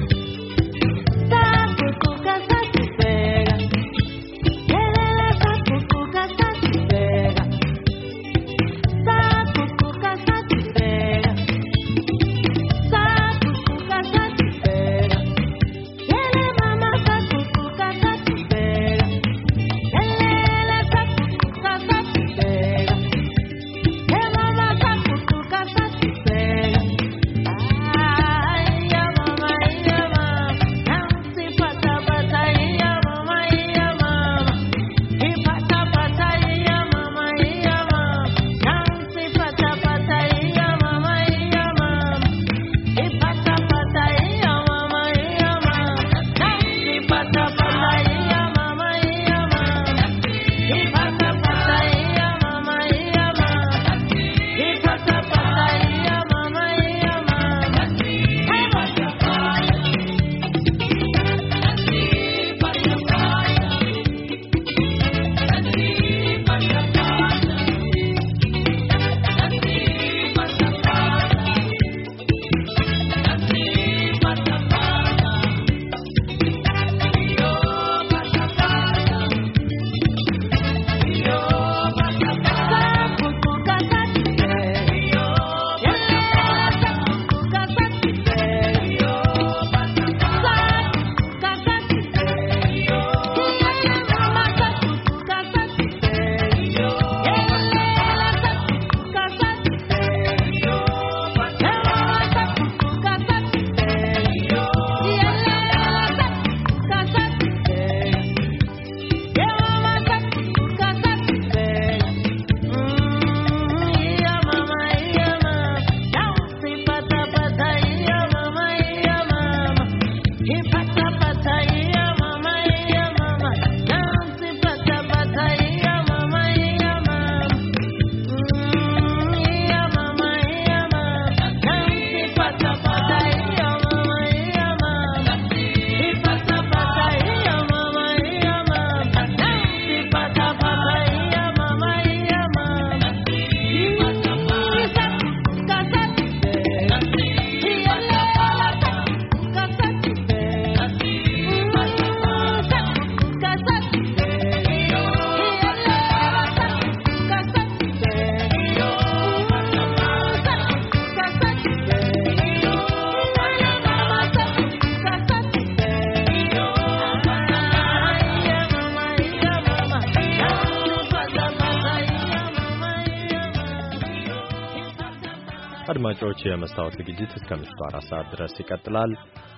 የመስታወት ዝግጅት እስከ ምሽቱ አራት ሰዓት ድረስ ይቀጥላል።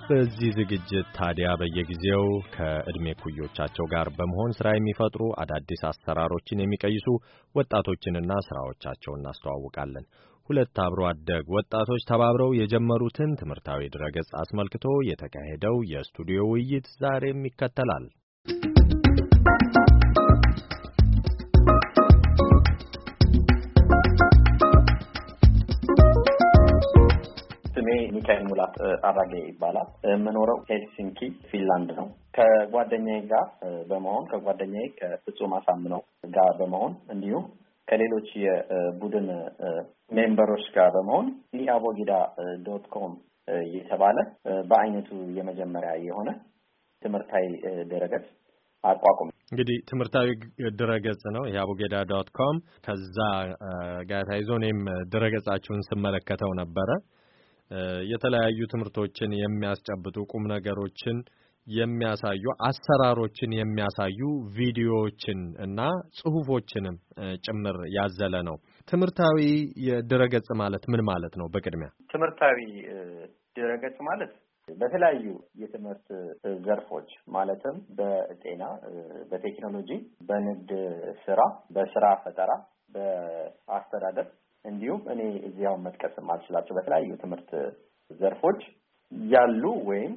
በዚህ ዝግጅት ታዲያ በየጊዜው ከእድሜ ኩዮቻቸው ጋር በመሆን ስራ የሚፈጥሩ አዳዲስ አሰራሮችን የሚቀይሱ ወጣቶችንና ስራዎቻቸውን እናስተዋውቃለን። ሁለት አብሮ አደግ ወጣቶች ተባብረው የጀመሩትን ትምህርታዊ ድረገጽ አስመልክቶ የተካሄደው የስቱዲዮ ውይይት ዛሬም ይከተላል። ስሜ ሚካኤል ሙላት አራጌ ይባላል። የምኖረው ሄልሲንኪ ፊንላንድ ነው። ከጓደኛዬ ጋር በመሆን ከጓደኛዬ ከፍጹም አሳምነው ጋር በመሆን እንዲሁም ከሌሎች የቡድን ሜምበሮች ጋር በመሆን ሊአቦጊዳ ዶት ኮም የተባለ በአይነቱ የመጀመሪያ የሆነ ትምህርታዊ ድረገጽ አቋቁም እንግዲህ ትምህርታዊ ድረገጽ ነው ይሄ አቡጌዳ ዶት ኮም። ከዛ ጋር ተያይዞ እኔም ድረገጻችሁን ስመለከተው ነበረ። የተለያዩ ትምህርቶችን የሚያስጨብጡ ቁም ነገሮችን የሚያሳዩ አሰራሮችን የሚያሳዩ ቪዲዮዎችን እና ጽሁፎችንም ጭምር ያዘለ ነው። ትምህርታዊ ድረገጽ ማለት ምን ማለት ነው? በቅድሚያ ትምህርታዊ ድረገጽ ማለት በተለያዩ የትምህርት ዘርፎች ማለትም በጤና፣ በቴክኖሎጂ፣ በንግድ ስራ፣ በስራ ፈጠራ፣ በአስተዳደር እንዲሁም እኔ እዚያውን መጥቀስ የማልችላቸው በተለያዩ ትምህርት ዘርፎች ያሉ ወይም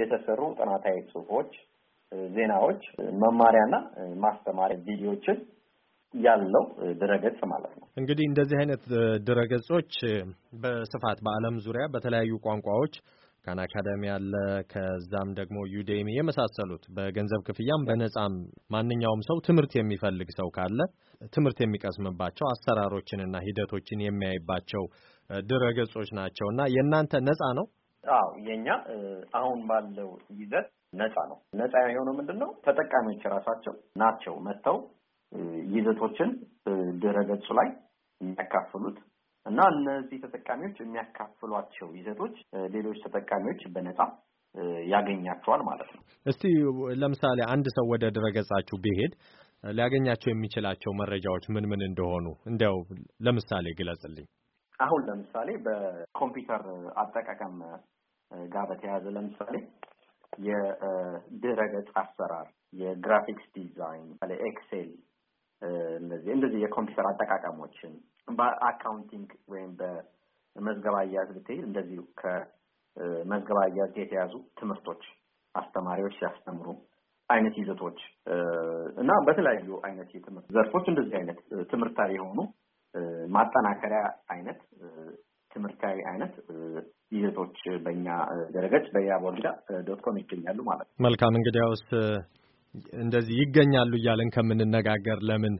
የተሰሩ ጥናታዊ ጽሁፎች፣ ዜናዎች፣ መማሪያና ማስተማሪያ ቪዲዮዎችን ያለው ድረገጽ ማለት ነው። እንግዲህ እንደዚህ አይነት ድረገጾች በስፋት በዓለም ዙሪያ በተለያዩ ቋንቋዎች ካን አካዳሚ አለ። ከዛም ደግሞ ዩዴሚ የመሳሰሉት በገንዘብ ክፍያም በነጻም ማንኛውም ሰው ትምህርት የሚፈልግ ሰው ካለ ትምህርት የሚቀስምባቸው አሰራሮችንና ሂደቶችን የሚያይባቸው ድረገጾች ናቸው እና የእናንተ ነጻ ነው? አዎ የኛ አሁን ባለው ይዘት ነጻ ነው። ነጻ የሆነው ምንድን ነው? ተጠቃሚዎች ራሳቸው ናቸው መጥተው ይዘቶችን ድረገጹ ላይ የሚያካፍሉት እና እነዚህ ተጠቃሚዎች የሚያካፍሏቸው ይዘቶች ሌሎች ተጠቃሚዎች በነጻ ያገኛቸዋል ማለት ነው። እስቲ ለምሳሌ አንድ ሰው ወደ ድረገጻችሁ ቢሄድ ሊያገኛቸው የሚችላቸው መረጃዎች ምን ምን እንደሆኑ እንዲያው ለምሳሌ ግለጽልኝ። አሁን ለምሳሌ በኮምፒውተር አጠቃቀም ጋር በተያያዘ ለምሳሌ የድረገጽ አሰራር፣ የግራፊክስ ዲዛይን፣ ኤክሴል እንደዚህ እንደዚህ የኮምፒውተር አጠቃቀሞችን በአካውንቲንግ ወይም በመዝገብ አያያዝ ብትሄድ እንደዚሁ ከመዝገብ አያያዝ የተያዙ ትምህርቶች አስተማሪዎች ሲያስተምሩ አይነት ይዘቶች እና በተለያዩ አይነት የትምህርት ዘርፎች እንደዚህ አይነት ትምህርታዊ የሆኑ ማጠናከሪያ አይነት ትምህርታዊ አይነት ይዘቶች በእኛ ድረገጽ በያቦልዳ ዶት ኮም ይገኛሉ ማለት ነው። መልካም እንግዲያውስ እንደዚህ ይገኛሉ እያለን ከምንነጋገር ለምን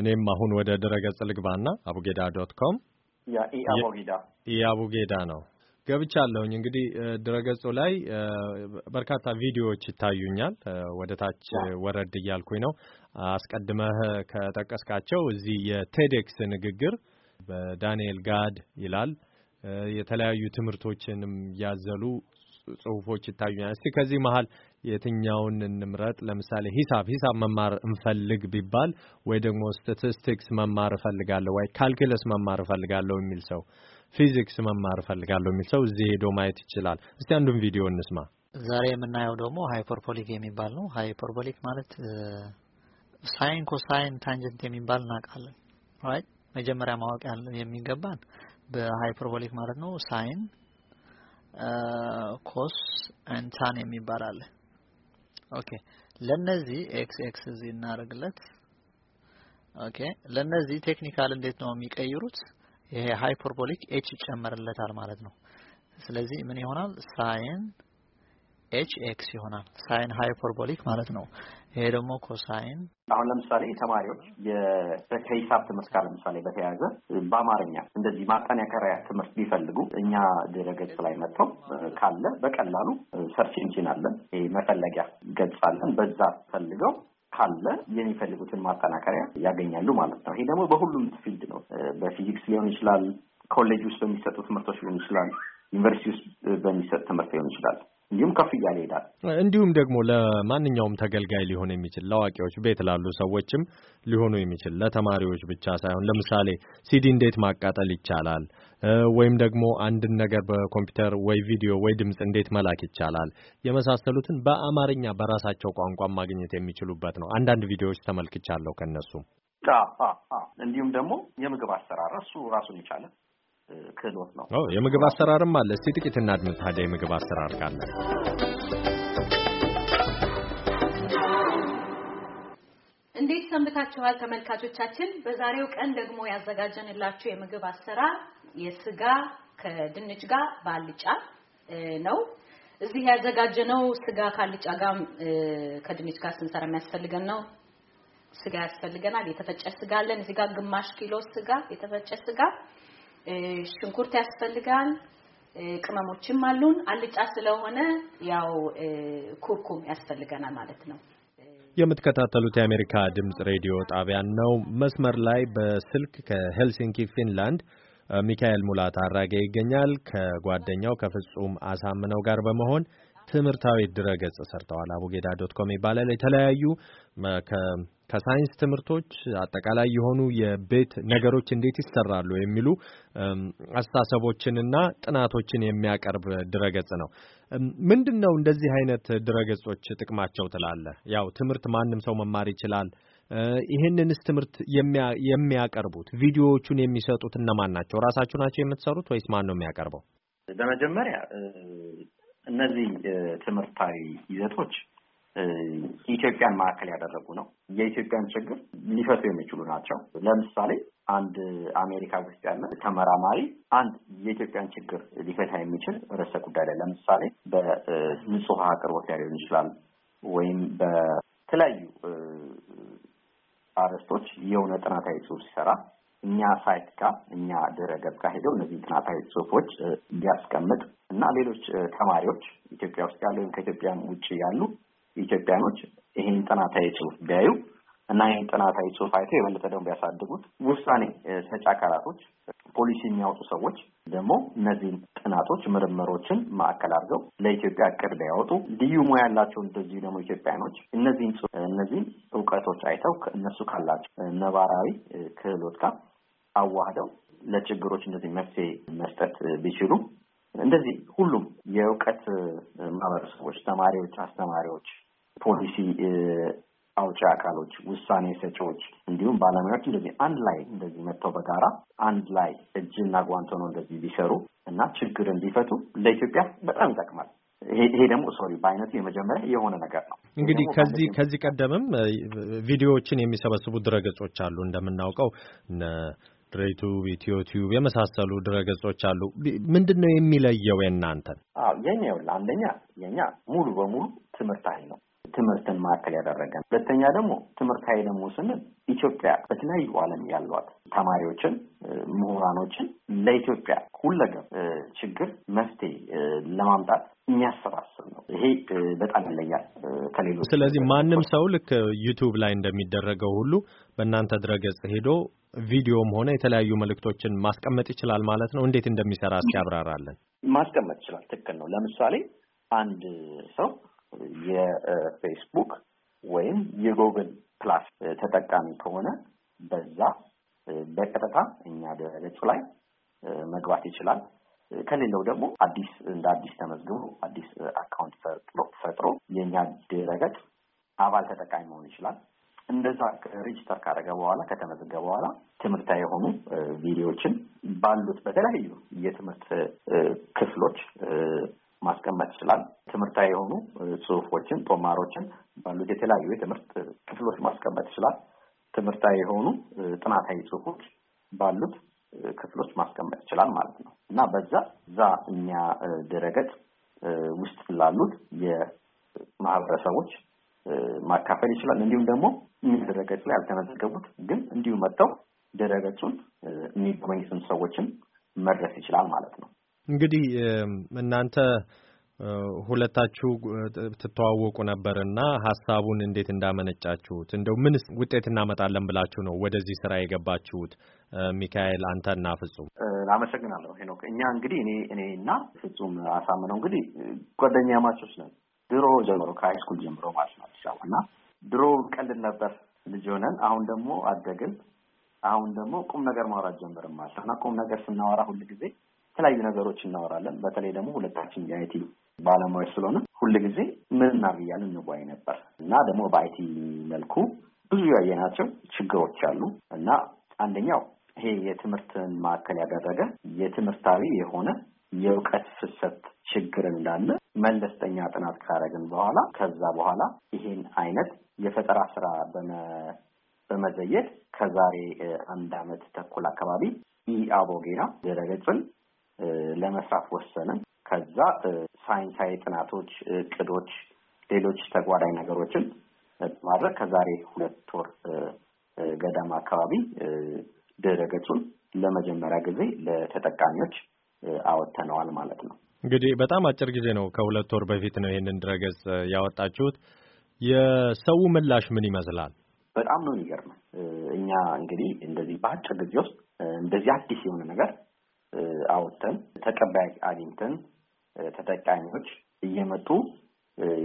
እኔም አሁን ወደ ድረገጽ ልግባና አቡጌዳ ዶት ኮም የአቡጌዳ ነው ገብቻለሁኝ። እንግዲህ ድረገጹ ላይ በርካታ ቪዲዮዎች ይታዩኛል። ወደ ታች ወረድ እያልኩኝ ነው። አስቀድመህ ከጠቀስካቸው እዚህ የቴዴክስ ንግግር በዳንኤል ጋድ ይላል። የተለያዩ ትምህርቶችንም ያዘሉ ጽሁፎች ይታዩኛል። እስቲ ከዚህ መሀል የትኛውን እንምረጥ? ለምሳሌ ሂሳብ ሂሳብ መማር እንፈልግ ቢባል ወይ ደግሞ ስታቲስቲክስ መማር እፈልጋለሁ ወይ ካልኩለስ መማር እፈልጋለሁ የሚል ሰው፣ ፊዚክስ መማር እፈልጋለሁ የሚል ሰው እዚህ ሄዶ ማየት ይችላል። እስቲ አንዱን ቪዲዮ እንስማ። ዛሬ የምናየው ደግሞ ሃይፐርቦሊክ የሚባል ነው። ሃይፐርቦሊክ ማለት ሳይን፣ ኮሳይን፣ ታንጀንት የሚባል እናውቃለን። ራይት መጀመሪያ ማወቅ የሚገባን በሃይፐርቦሊክ ማለት ነው ሳይን ኮስ አንታን የሚባል አለ ኦኬ ለነዚህ ኤክስ ኤክስ እዚህ እናደርግለት። ኦኬ ለነዚህ ቴክኒካል እንዴት ነው የሚቀይሩት? ይሄ ሃይፐርቦሊክ ኤች ይጨመርለታል ማለት ነው። ስለዚህ ምን ይሆናል? ሳይን ኤች ኤክስ ይሆናል። ሳይን ሃይፐርቦሊክ ማለት ነው። ይሄ ደግሞ ኮሳይን አሁን ለምሳሌ ተማሪዎች ከሂሳብ ትምህርት ጋር ለምሳሌ በተያያዘ በአማርኛ እንደዚህ ማጠናከሪያ ትምህርት ቢፈልጉ እኛ ድረገጽ ላይ መጥተው ካለ በቀላሉ ሰርች ኢንጂን አለን፣ መፈለጊያ ገጽ አለን። በዛ ፈልገው ካለ የሚፈልጉትን ማጠናከሪያ ያገኛሉ ማለት ነው። ይሄ ደግሞ በሁሉም ፊልድ ነው። በፊዚክስ ሊሆን ይችላል፣ ኮሌጅ ውስጥ በሚሰጡ ትምህርቶች ሊሆን ይችላል፣ ዩኒቨርሲቲ ውስጥ በሚሰጥ ትምህርት ሊሆን ይችላል። እንዲሁም ከፍ እያለ ይሄዳል። እንዲሁም ደግሞ ለማንኛውም ተገልጋይ ሊሆን የሚችል ለአዋቂዎች ቤት ላሉ ሰዎችም ሊሆኑ የሚችል ለተማሪዎች ብቻ ሳይሆን ለምሳሌ ሲዲ እንዴት ማቃጠል ይቻላል ወይም ደግሞ አንድን ነገር በኮምፒውተር ወይ ቪዲዮ ወይ ድምፅ እንዴት መላክ ይቻላል የመሳሰሉትን በአማርኛ በራሳቸው ቋንቋ ማግኘት የሚችሉበት ነው። አንዳንድ ቪዲዮዎች ተመልክቻለሁ ከነሱም እንዲሁም ደግሞ የምግብ አሰራር እሱ ራሱን ይቻላል። ክህሎት ነው። የምግብ አሰራርም አለ። እስቲ ጥቂት እናድምጥ ታዲያ የምግብ አሰራር ካለ እንዴት ሰንብታችኋል ተመልካቾቻችን? በዛሬው ቀን ደግሞ ያዘጋጀንላችሁ የምግብ አሰራር የስጋ ከድንች ጋር በአልጫ ነው። እዚህ ያዘጋጀነው ስጋ ካልጫ ጋር ከድንች ጋር ስንሰራ የሚያስፈልገን ነው። ስጋ ያስፈልገናል። የተፈጨ ስጋ አለን እዚህ ጋር ግማሽ ኪሎ ስጋ፣ የተፈጨ ስጋ ሽንኩርት ያስፈልጋል። ቅመሞችም አሉን። አልጫ ስለሆነ ያው ኩርኩም ያስፈልገናል ማለት ነው። የምትከታተሉት የአሜሪካ ድምፅ ሬዲዮ ጣቢያን ነው። መስመር ላይ በስልክ ከሄልሲንኪ ፊንላንድ ሚካኤል ሙላት አራጌ ይገኛል። ከጓደኛው ከፍጹም አሳምነው ጋር በመሆን ትምህርታዊ ድረገጽ ሰርተዋል። አቡጌዳ ዶት ኮም ይባላል። የተለያዩ ከሳይንስ ትምህርቶች አጠቃላይ የሆኑ የቤት ነገሮች እንዴት ይሰራሉ የሚሉ አስተሳሰቦችንና ጥናቶችን የሚያቀርብ ድረገጽ ነው። ምንድን ነው እንደዚህ አይነት ድረገጾች ጥቅማቸው ትላለህ? ያው ትምህርት ማንም ሰው መማር ይችላል። ይህንንስ ትምህርት የሚያቀርቡት ቪዲዮዎቹን የሚሰጡት እነማን ናቸው? ራሳችሁ ናቸው የምትሰሩት ወይስ ማን ነው የሚያቀርበው? በመጀመሪያ እነዚህ ትምህርታዊ ይዘቶች ኢትዮጵያን ማዕከል ያደረጉ ነው። የኢትዮጵያን ችግር ሊፈቱ የሚችሉ ናቸው። ለምሳሌ አንድ አሜሪካ ውስጥ ያለ ተመራማሪ አንድ የኢትዮጵያን ችግር ሊፈታ የሚችል ርዕሰ ጉዳይ ላይ ለምሳሌ በንጹህ ውሃ አቅርቦት ሊሆን ይችላል ወይም በተለያዩ አርዕስቶች የሆነ ጥናታዊ ጽሑፍ ሲሰራ እኛ ሳይት ጋር እኛ ድረገብ ጋር ሄደው እነዚህ ጥናታዊ ጽሁፎች እንዲያስቀምጥ እና ሌሎች ተማሪዎች ኢትዮጵያ ውስጥ ያሉ ወይም ከኢትዮጵያ ውጭ ያሉ ኢትዮጵያኖች ይህን ጥናታዊ ጽሁፍ ቢያዩ እና ይህን ጥናታዊ ጽሁፍ አይተው የበለጠ ደግሞ ቢያሳድጉት፣ ውሳኔ ሰጪ አካላቶች፣ ፖሊሲ የሚያወጡ ሰዎች ደግሞ እነዚህን ጥናቶች፣ ምርምሮችን ማዕከል አድርገው ለኢትዮጵያ እቅድ ቢያወጡ፣ ልዩ ሙያ ያላቸው እንደዚሁ ደግሞ ኢትዮጵያኖች እነዚህን እነዚህን እውቀቶች አይተው እነሱ ካላቸው ነባራዊ ክህሎት ጋር አዋህደው ለችግሮች እንደዚህ መፍትሄ መስጠት ቢችሉ እንደዚህ ሁሉም የእውቀት ማህበረሰቦች፣ ተማሪዎች፣ አስተማሪዎች፣ ፖሊሲ አውጪ አካሎች፣ ውሳኔ ሰጪዎች እንዲሁም ባለሙያዎች እንደዚህ አንድ ላይ እንደዚህ መጥተው በጋራ አንድ ላይ እጅና ጓንት ሆነው እንደዚህ ቢሰሩ እና ችግር እንዲፈቱ ለኢትዮጵያ በጣም ይጠቅማል። ይሄ ደግሞ ሶሪ በአይነቱ የመጀመሪያ የሆነ ነገር ነው። እንግዲህ ከዚህ ከዚህ ቀደምም ቪዲዮዎችን የሚሰበስቡ ድረገጾች አሉ እንደምናውቀው ድሬቱብ ኢትዮ የመሳሰሉ ድረገጾች አሉ። ምንድን ነው የሚለየው የእናንተን? አዎ አንደኛ የኛ ሙሉ በሙሉ ትምህርት አይል ነው። ትምህርትን ማዕከል ያደረገ ሁለተኛ ደግሞ ትምህርት ሀይ ደግሞ ስንል ኢትዮጵያ በተለያዩ ዓለም ያሏት ተማሪዎችን፣ ምሁራኖችን ለኢትዮጵያ ሁለገብ ችግር መፍትሄ ለማምጣት የሚያሰባስብ ነው። ይሄ በጣም ይለያል ከሌሎች። ስለዚህ ማንም ሰው ልክ ዩቱብ ላይ እንደሚደረገው ሁሉ በእናንተ ድረገጽ ሄዶ ቪዲዮም ሆነ የተለያዩ መልእክቶችን ማስቀመጥ ይችላል ማለት ነው። እንዴት እንደሚሰራ እስኪ ያብራራለን። ማስቀመጥ ይችላል። ትክክል ነው። ለምሳሌ አንድ ሰው የፌስቡክ ወይም የጎግል ፕላስ ተጠቃሚ ከሆነ በዛ በቀጥታ እኛ ድረገጹ ላይ መግባት ይችላል። ከሌለው ደግሞ አዲስ እንደ አዲስ ተመዝግቦ አዲስ አካውንት ፈጥሮ የእኛ ድረገጽ አባል ተጠቃሚ መሆን ይችላል። እንደዛ ሬጅስተር ካደረገ በኋላ ከተመዘገበ በኋላ ትምህርታዊ የሆኑ ቪዲዮዎችን ባሉት በተለያዩ የትምህርት ክፍሎች ማስቀመጥ ይችላል። ትምህርታዊ የሆኑ ጽሁፎችን፣ ጦማሮችን ባሉት የተለያዩ የትምህርት ክፍሎች ማስቀመጥ ይችላል። ትምህርታዊ የሆኑ ጥናታዊ ጽሁፎች ባሉት ክፍሎች ማስቀመጥ ይችላል ማለት ነው እና በዛ እዛ እኛ ድረገጽ ውስጥ ላሉት የማህበረሰቦች ማካፈል ይችላል። እንዲሁም ደግሞ ድረገጽ ላይ ያልተመዘገቡት ግን እንዲሁ መጥተው ድረገጹን የሚጎበኙትን ሰዎችን መድረስ ይችላል ማለት ነው። እንግዲህ እናንተ ሁለታችሁ ትተዋወቁ ነበር እና ሀሳቡን እንዴት እንዳመነጫችሁት እንደው ምን ውጤት እናመጣለን ብላችሁ ነው ወደዚህ ስራ የገባችሁት? ሚካኤል እና ፍጹም። አመሰግናለሁ ሄኖክ። እኛ እንግዲህ እኔ እኔ እና ፍጹም አሳምነው እንግዲህ ጓደኛ ማቾች ነን ድሮ ጀምሮ ከሃይስኩል ጀምሮ ማለት ነው አዲስ አበባ እና ድሮ ቀልድ ነበር ልጅ ሆነን። አሁን ደግሞ አደግን። አሁን ደግሞ ቁም ነገር ማውራት ጀምርም ማለት ነው እና ቁም ነገር ስናወራ ሁልጊዜ የተለያዩ ነገሮች እናወራለን። በተለይ ደግሞ ሁለታችን የአይቲ ባለሙያዎች ስለሆነ ሁል ጊዜ ምን እናብያል እንወያይ ነበር እና ደግሞ በአይቲ መልኩ ብዙ ያየናቸው ችግሮች አሉ እና አንደኛው ይሄ የትምህርትን ማዕከል ያደረገ የትምህርታዊ የሆነ የእውቀት ፍሰት ችግር እንዳለ መለስተኛ ጥናት ካደረግን በኋላ ከዛ በኋላ ይሄን አይነት የፈጠራ ስራ በመዘየድ ከዛሬ አንድ አመት ተኩል አካባቢ ኢአቦጌና ድረገጽን ለመስራት ወሰንን። ከዛ ሳይንሳዊ ጥናቶች፣ እቅዶች፣ ሌሎች ተጓዳኝ ነገሮችን ማድረግ ከዛሬ ሁለት ወር ገደማ አካባቢ ድረገጹን ለመጀመሪያ ጊዜ ለተጠቃሚዎች አወጥተነዋል ማለት ነው። እንግዲህ በጣም አጭር ጊዜ ነው። ከሁለት ወር በፊት ነው ይህንን ድረገጽ ያወጣችሁት። የሰው ምላሽ ምን ይመስላል? በጣም ነው የሚገርመው። እኛ እንግዲህ እንደዚህ በአጭር ጊዜ ውስጥ እንደዚህ አዲስ የሆነ ነገር አውጥተን ተቀባይ አግኝተን ተጠቃሚዎች እየመጡ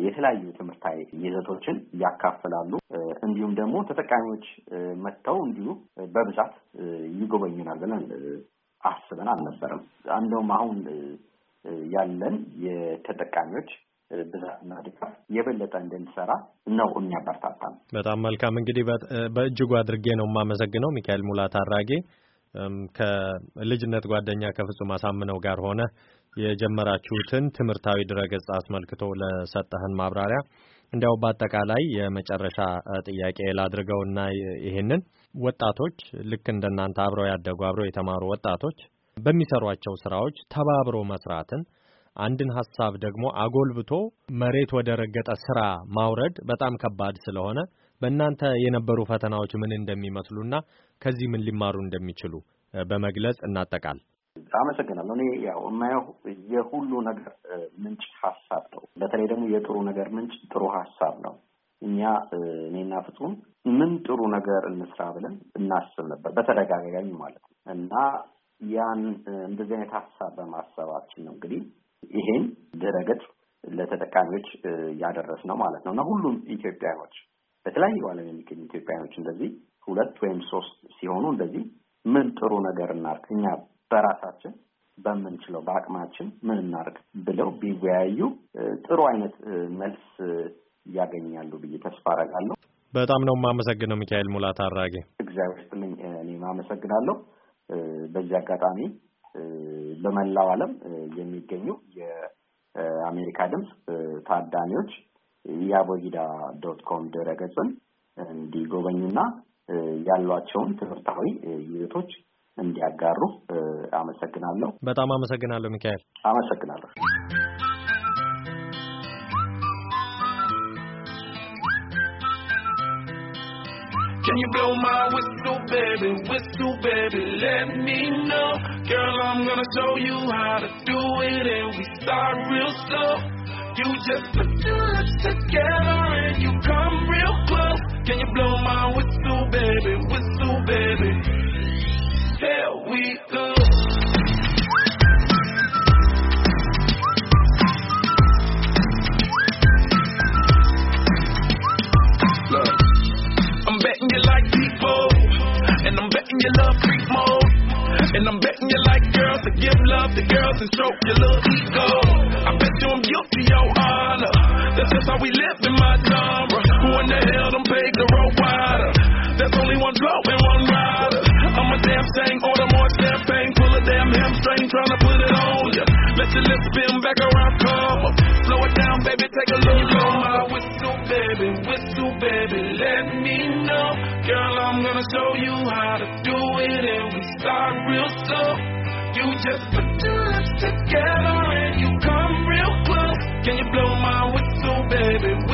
የተለያዩ ትምህርታዊ ይዘቶችን ያካፍላሉ። እንዲሁም ደግሞ ተጠቃሚዎች መጥተው እንዲሁ በብዛት ይጎበኙናል ብለን አስበን አልነበረም። እንደውም አሁን ያለን የተጠቃሚዎች ብዛትና ድጋፍ የበለጠ እንድንሰራ ነው የሚያበረታታል። በጣም መልካም። እንግዲህ በእጅጉ አድርጌ ነው የማመሰግነው ሚካኤል ሙላት አራጌ ከልጅነት ጓደኛ ከፍጹም አሳምነው ጋር ሆነ የጀመራችሁትን ትምህርታዊ ድረገጽ አስመልክቶ ለሰጠህን ማብራሪያ እንዲያው በአጠቃላይ የመጨረሻ ጥያቄ ላድርገውና ይሄንን ወጣቶች ልክ እንደናንተ አብረው ያደጉ አብረው የተማሩ ወጣቶች በሚሰሯቸው ስራዎች ተባብሮ መስራትን አንድን ሀሳብ ደግሞ አጎልብቶ መሬት ወደ ረገጠ ስራ ማውረድ በጣም ከባድ ስለሆነ በእናንተ የነበሩ ፈተናዎች ምን እንደሚመስሉና ከዚህ ምን ሊማሩ እንደሚችሉ በመግለጽ እናጠቃል። አመሰግናለሁ። እኔ ያው የማየው የሁሉ ነገር ምንጭ ሀሳብ ነው። በተለይ ደግሞ የጥሩ ነገር ምንጭ ጥሩ ሀሳብ ነው። እኛ እኔና ፍጹም ምን ጥሩ ነገር እንስራ ብለን እናስብ ነበር በተደጋጋሚ ማለት ነው። እና ያን እንደዚህ አይነት ሀሳብ በማሰባችን ነው እንግዲህ ይሄን ድረገጽ ለተጠቃሚዎች ያደረስ ነው ማለት ነው። እና ሁሉም ኢትዮጵያኖች በተለያዩ ዓለም የሚገኙ ኢትዮጵያኖች እንደዚህ ሁለት ወይም ሶስት ሲሆኑ እንደዚህ ምን ጥሩ ነገር እናርግ እኛ በራሳችን በምንችለው በአቅማችን ምን እናርግ ብለው ቢወያዩ ጥሩ አይነት መልስ ያገኛሉ ብዬ ተስፋ አደርጋለሁ። በጣም ነው የማመሰግነው ሚካኤል ሙላት አራጌ። እግዚአብሔር ይስጥልኝ። እኔ ማመሰግናለሁ። በዚህ አጋጣሚ በመላው ዓለም የሚገኙ የአሜሪካ ድምፅ ታዳሚዎች የአቦጊዳ ዶት ኮም ድረገጽን እንዲጎበኙና ያሏቸውን ትምህርታዊ ይዘቶች እንዲያጋሩ አመሰግናለሁ። በጣም አመሰግናለሁ ሚካኤል። አመሰግናለሁ። Can you blow my whistle, baby? Whistle, baby, let me know. Girl, I'm gonna show you how to do it, and we start real slow. You just put your lips together, and you come real close. Can you blow my whistle, baby? Whistle, baby. Here we go. Look, I'm betting you like people, and I'm betting you love freak mode, and I'm betting you like girls to give love to girls and stroke your little ego. I bet you I'm guilty, your honor. That's just how we live in my genre. Who in the hell done paved the road wider? There's only one blow and one rider. I'm a damn thing, order more champagne. Pull a damn hamstring, tryna put it on ya. Let your lips spin back around, come up. Slow it down, baby, take a look. You my whistle, baby, whistle, baby, let me know. Girl, I'm gonna show you how to do it, and we start real slow. You just put your lips together and you come real close. Can you blow my whistle, baby?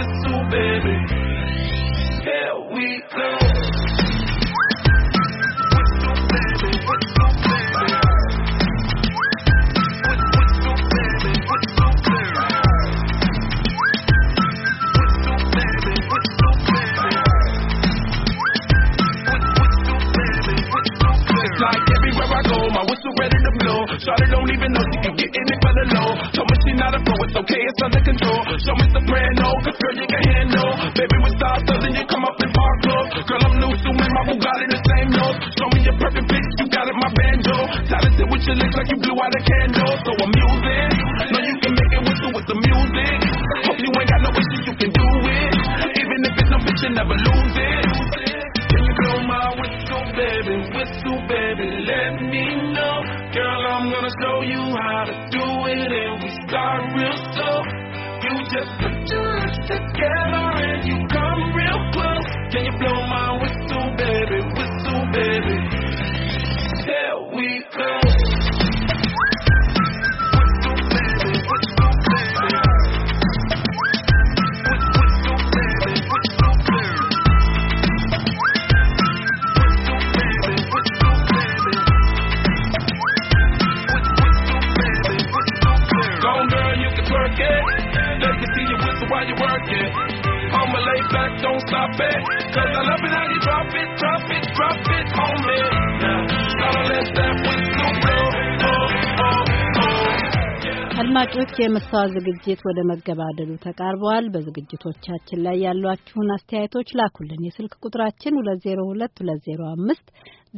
የመስታወት ዝግጅት ወደ መገባደሉ ተቃርበዋል። በዝግጅቶቻችን ላይ ያሏችሁን አስተያየቶች ላኩልን። የስልክ ቁጥራችን ሁለት ዜሮ ሁለት ሁለት ዜሮ አምስት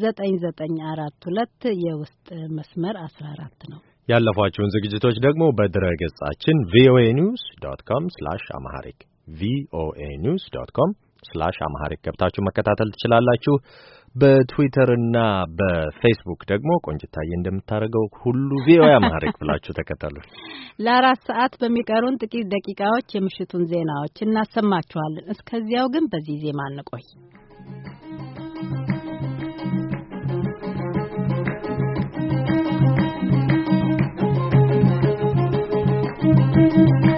ዘጠኝ ዘጠኝ አራት ሁለት የውስጥ መስመር አስራ አራት ነው። ያለፏችሁን ዝግጅቶች ደግሞ በድረ ገጻችን ቪኦኤ ኒውስ ዶት ኮም ስላሽ አማሐሪክ ቪኦኤ ኒውስ ዶት ኮም ስላሽ አማሐሪክ ገብታችሁ መከታተል ትችላላችሁ። በትዊተርና በፌስቡክ ደግሞ ቆንጅታዬ እንደምታደርገው ሁሉ ቪኦኤ አማሪክ ብላችሁ ተከተሉ። ለአራት ሰዓት በሚቀሩን ጥቂት ደቂቃዎች የምሽቱን ዜናዎች እናሰማችኋለን። እስከዚያው ግን በዚህ ዜማ እንቆይ። Thank you.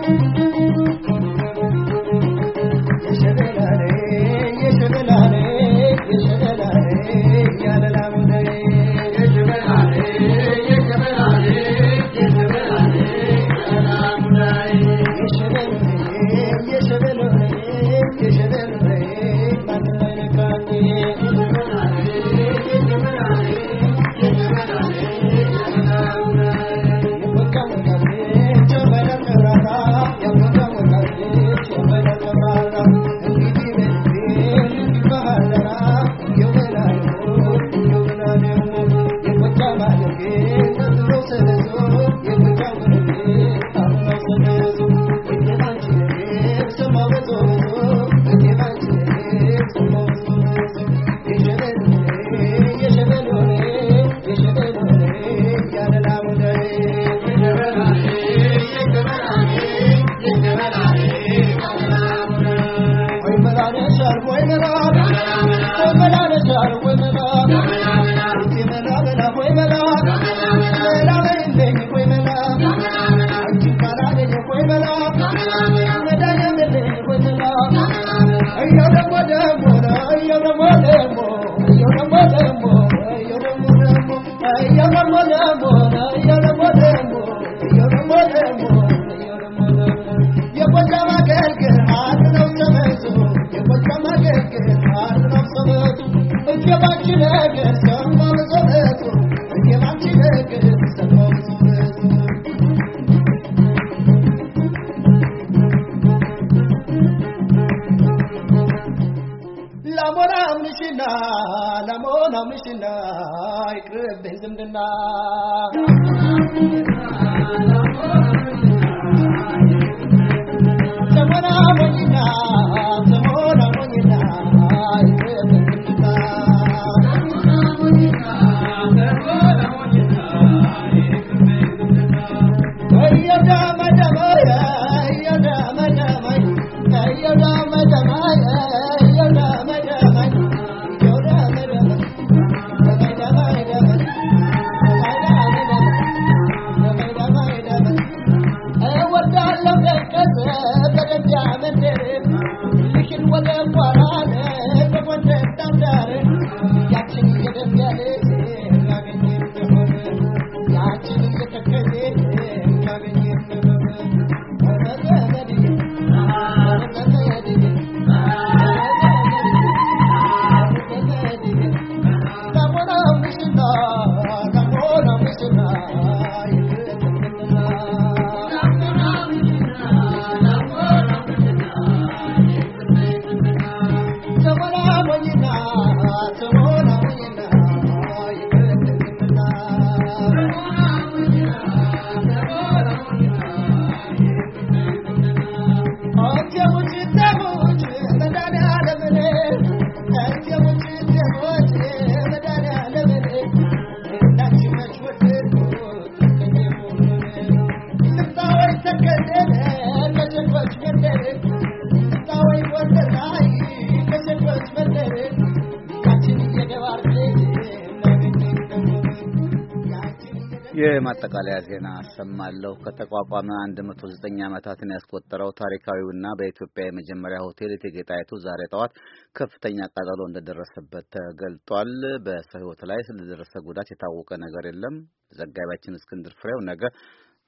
የማጠቃለያ ዜና አሰማለሁ። ከተቋቋመ 109 ዓመታትን ያስቆጠረው ታሪካዊውና በኢትዮጵያ የመጀመሪያ ሆቴል እቴጌ ጣይቱ ዛሬ ጠዋት ከፍተኛ ቃጠሎ እንደደረሰበት ተገልጧል። በሰው ሕይወት ላይ ስለደረሰ ጉዳት የታወቀ ነገር የለም። ዘጋቢያችን እስክንድር ፍሬው ነገ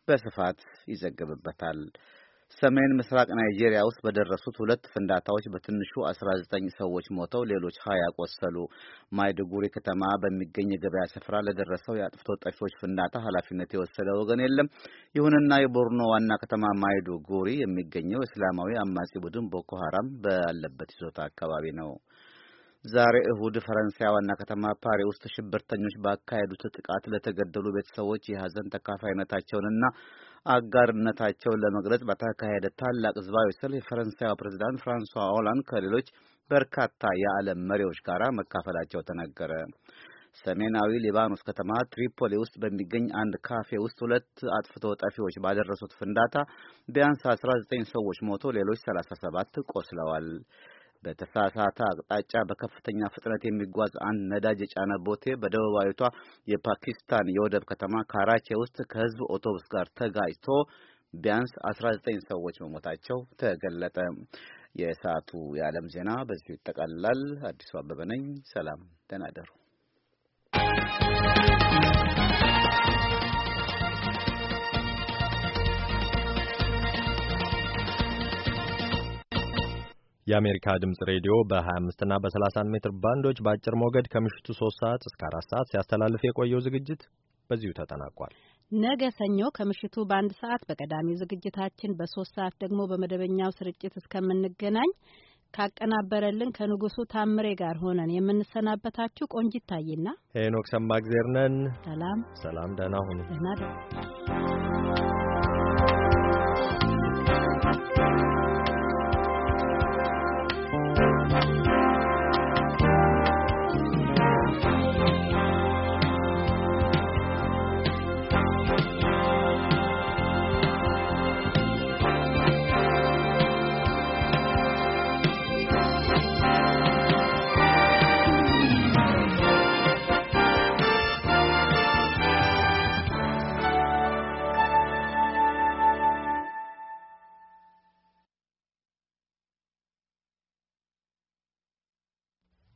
በስፋት ይዘግብበታል። ሰሜን ምስራቅ ናይጄሪያ ውስጥ በደረሱት ሁለት ፍንዳታዎች በትንሹ 19 ሰዎች ሞተው ሌሎች 20 ቆሰሉ። ማይድጉሪ ከተማ በሚገኝ የገበያ ስፍራ ለደረሰው የአጥፍቶ ጠፊዎች ፍንዳታ ኃላፊነት የወሰደ ወገን የለም። ይሁንና የቦርኖ ዋና ከተማ ማይዱጉሪ የሚገኘው እስላማዊ አማጺ ቡድን ቦኮ ሀራም ባለበት ይዞታ አካባቢ ነው። ዛሬ እሁድ ፈረንሳይ ዋና ከተማ ፓሪ ውስጥ ሽብርተኞች ባካሄዱት ጥቃት ለተገደሉ ቤተሰቦች የሀዘን ተካፋይነታቸውንና አጋርነታቸውን ለመግለጽ በተካሄደ ታላቅ ህዝባዊ ሰልፍ የፈረንሳዩ ፕሬዚዳንት ፍራንሷ ኦላንድ ከሌሎች በርካታ የዓለም መሪዎች ጋር መካፈላቸው ተነገረ። ሰሜናዊ ሊባኖስ ከተማ ትሪፖሊ ውስጥ በሚገኝ አንድ ካፌ ውስጥ ሁለት አጥፍቶ ጠፊዎች ባደረሱት ፍንዳታ ቢያንስ 19 ሰዎች ሞቶ ሌሎች 37 ቆስለዋል። በተሳሳተ አቅጣጫ በከፍተኛ ፍጥነት የሚጓዝ አንድ ነዳጅ የጫነ ቦቴ በደቡባዊቷ የፓኪስታን የወደብ ከተማ ካራቼ ውስጥ ከህዝብ አውቶቡስ ጋር ተጋጭቶ ቢያንስ 19 ሰዎች መሞታቸው ተገለጠ። የሰዓቱ የዓለም ዜና በዚሁ ይጠቃልላል። አዲሱ አበበ ነኝ። ሰላም፣ ደህና እደሩ። የአሜሪካ ድምፅ ሬዲዮ በ25 እና በ30 ሜትር ባንዶች በአጭር ሞገድ ከምሽቱ 3 ሰዓት እስከ 4 ሰዓት ሲያስተላልፍ የቆየው ዝግጅት በዚሁ ተጠናቋል። ነገ ሰኞ ከምሽቱ በአንድ ሰዓት በቀዳሚው ዝግጅታችን፣ በሶስት ሰዓት ደግሞ በመደበኛው ስርጭት እስከምንገናኝ ካቀናበረልን ከንጉሱ ታምሬ ጋር ሆነን የምንሰናበታችሁ ቆንጂት ታይና ሄኖክ ሰማግዜር ነን። ሰላም ሰላም፣ ደህና ሁኑ። ደህና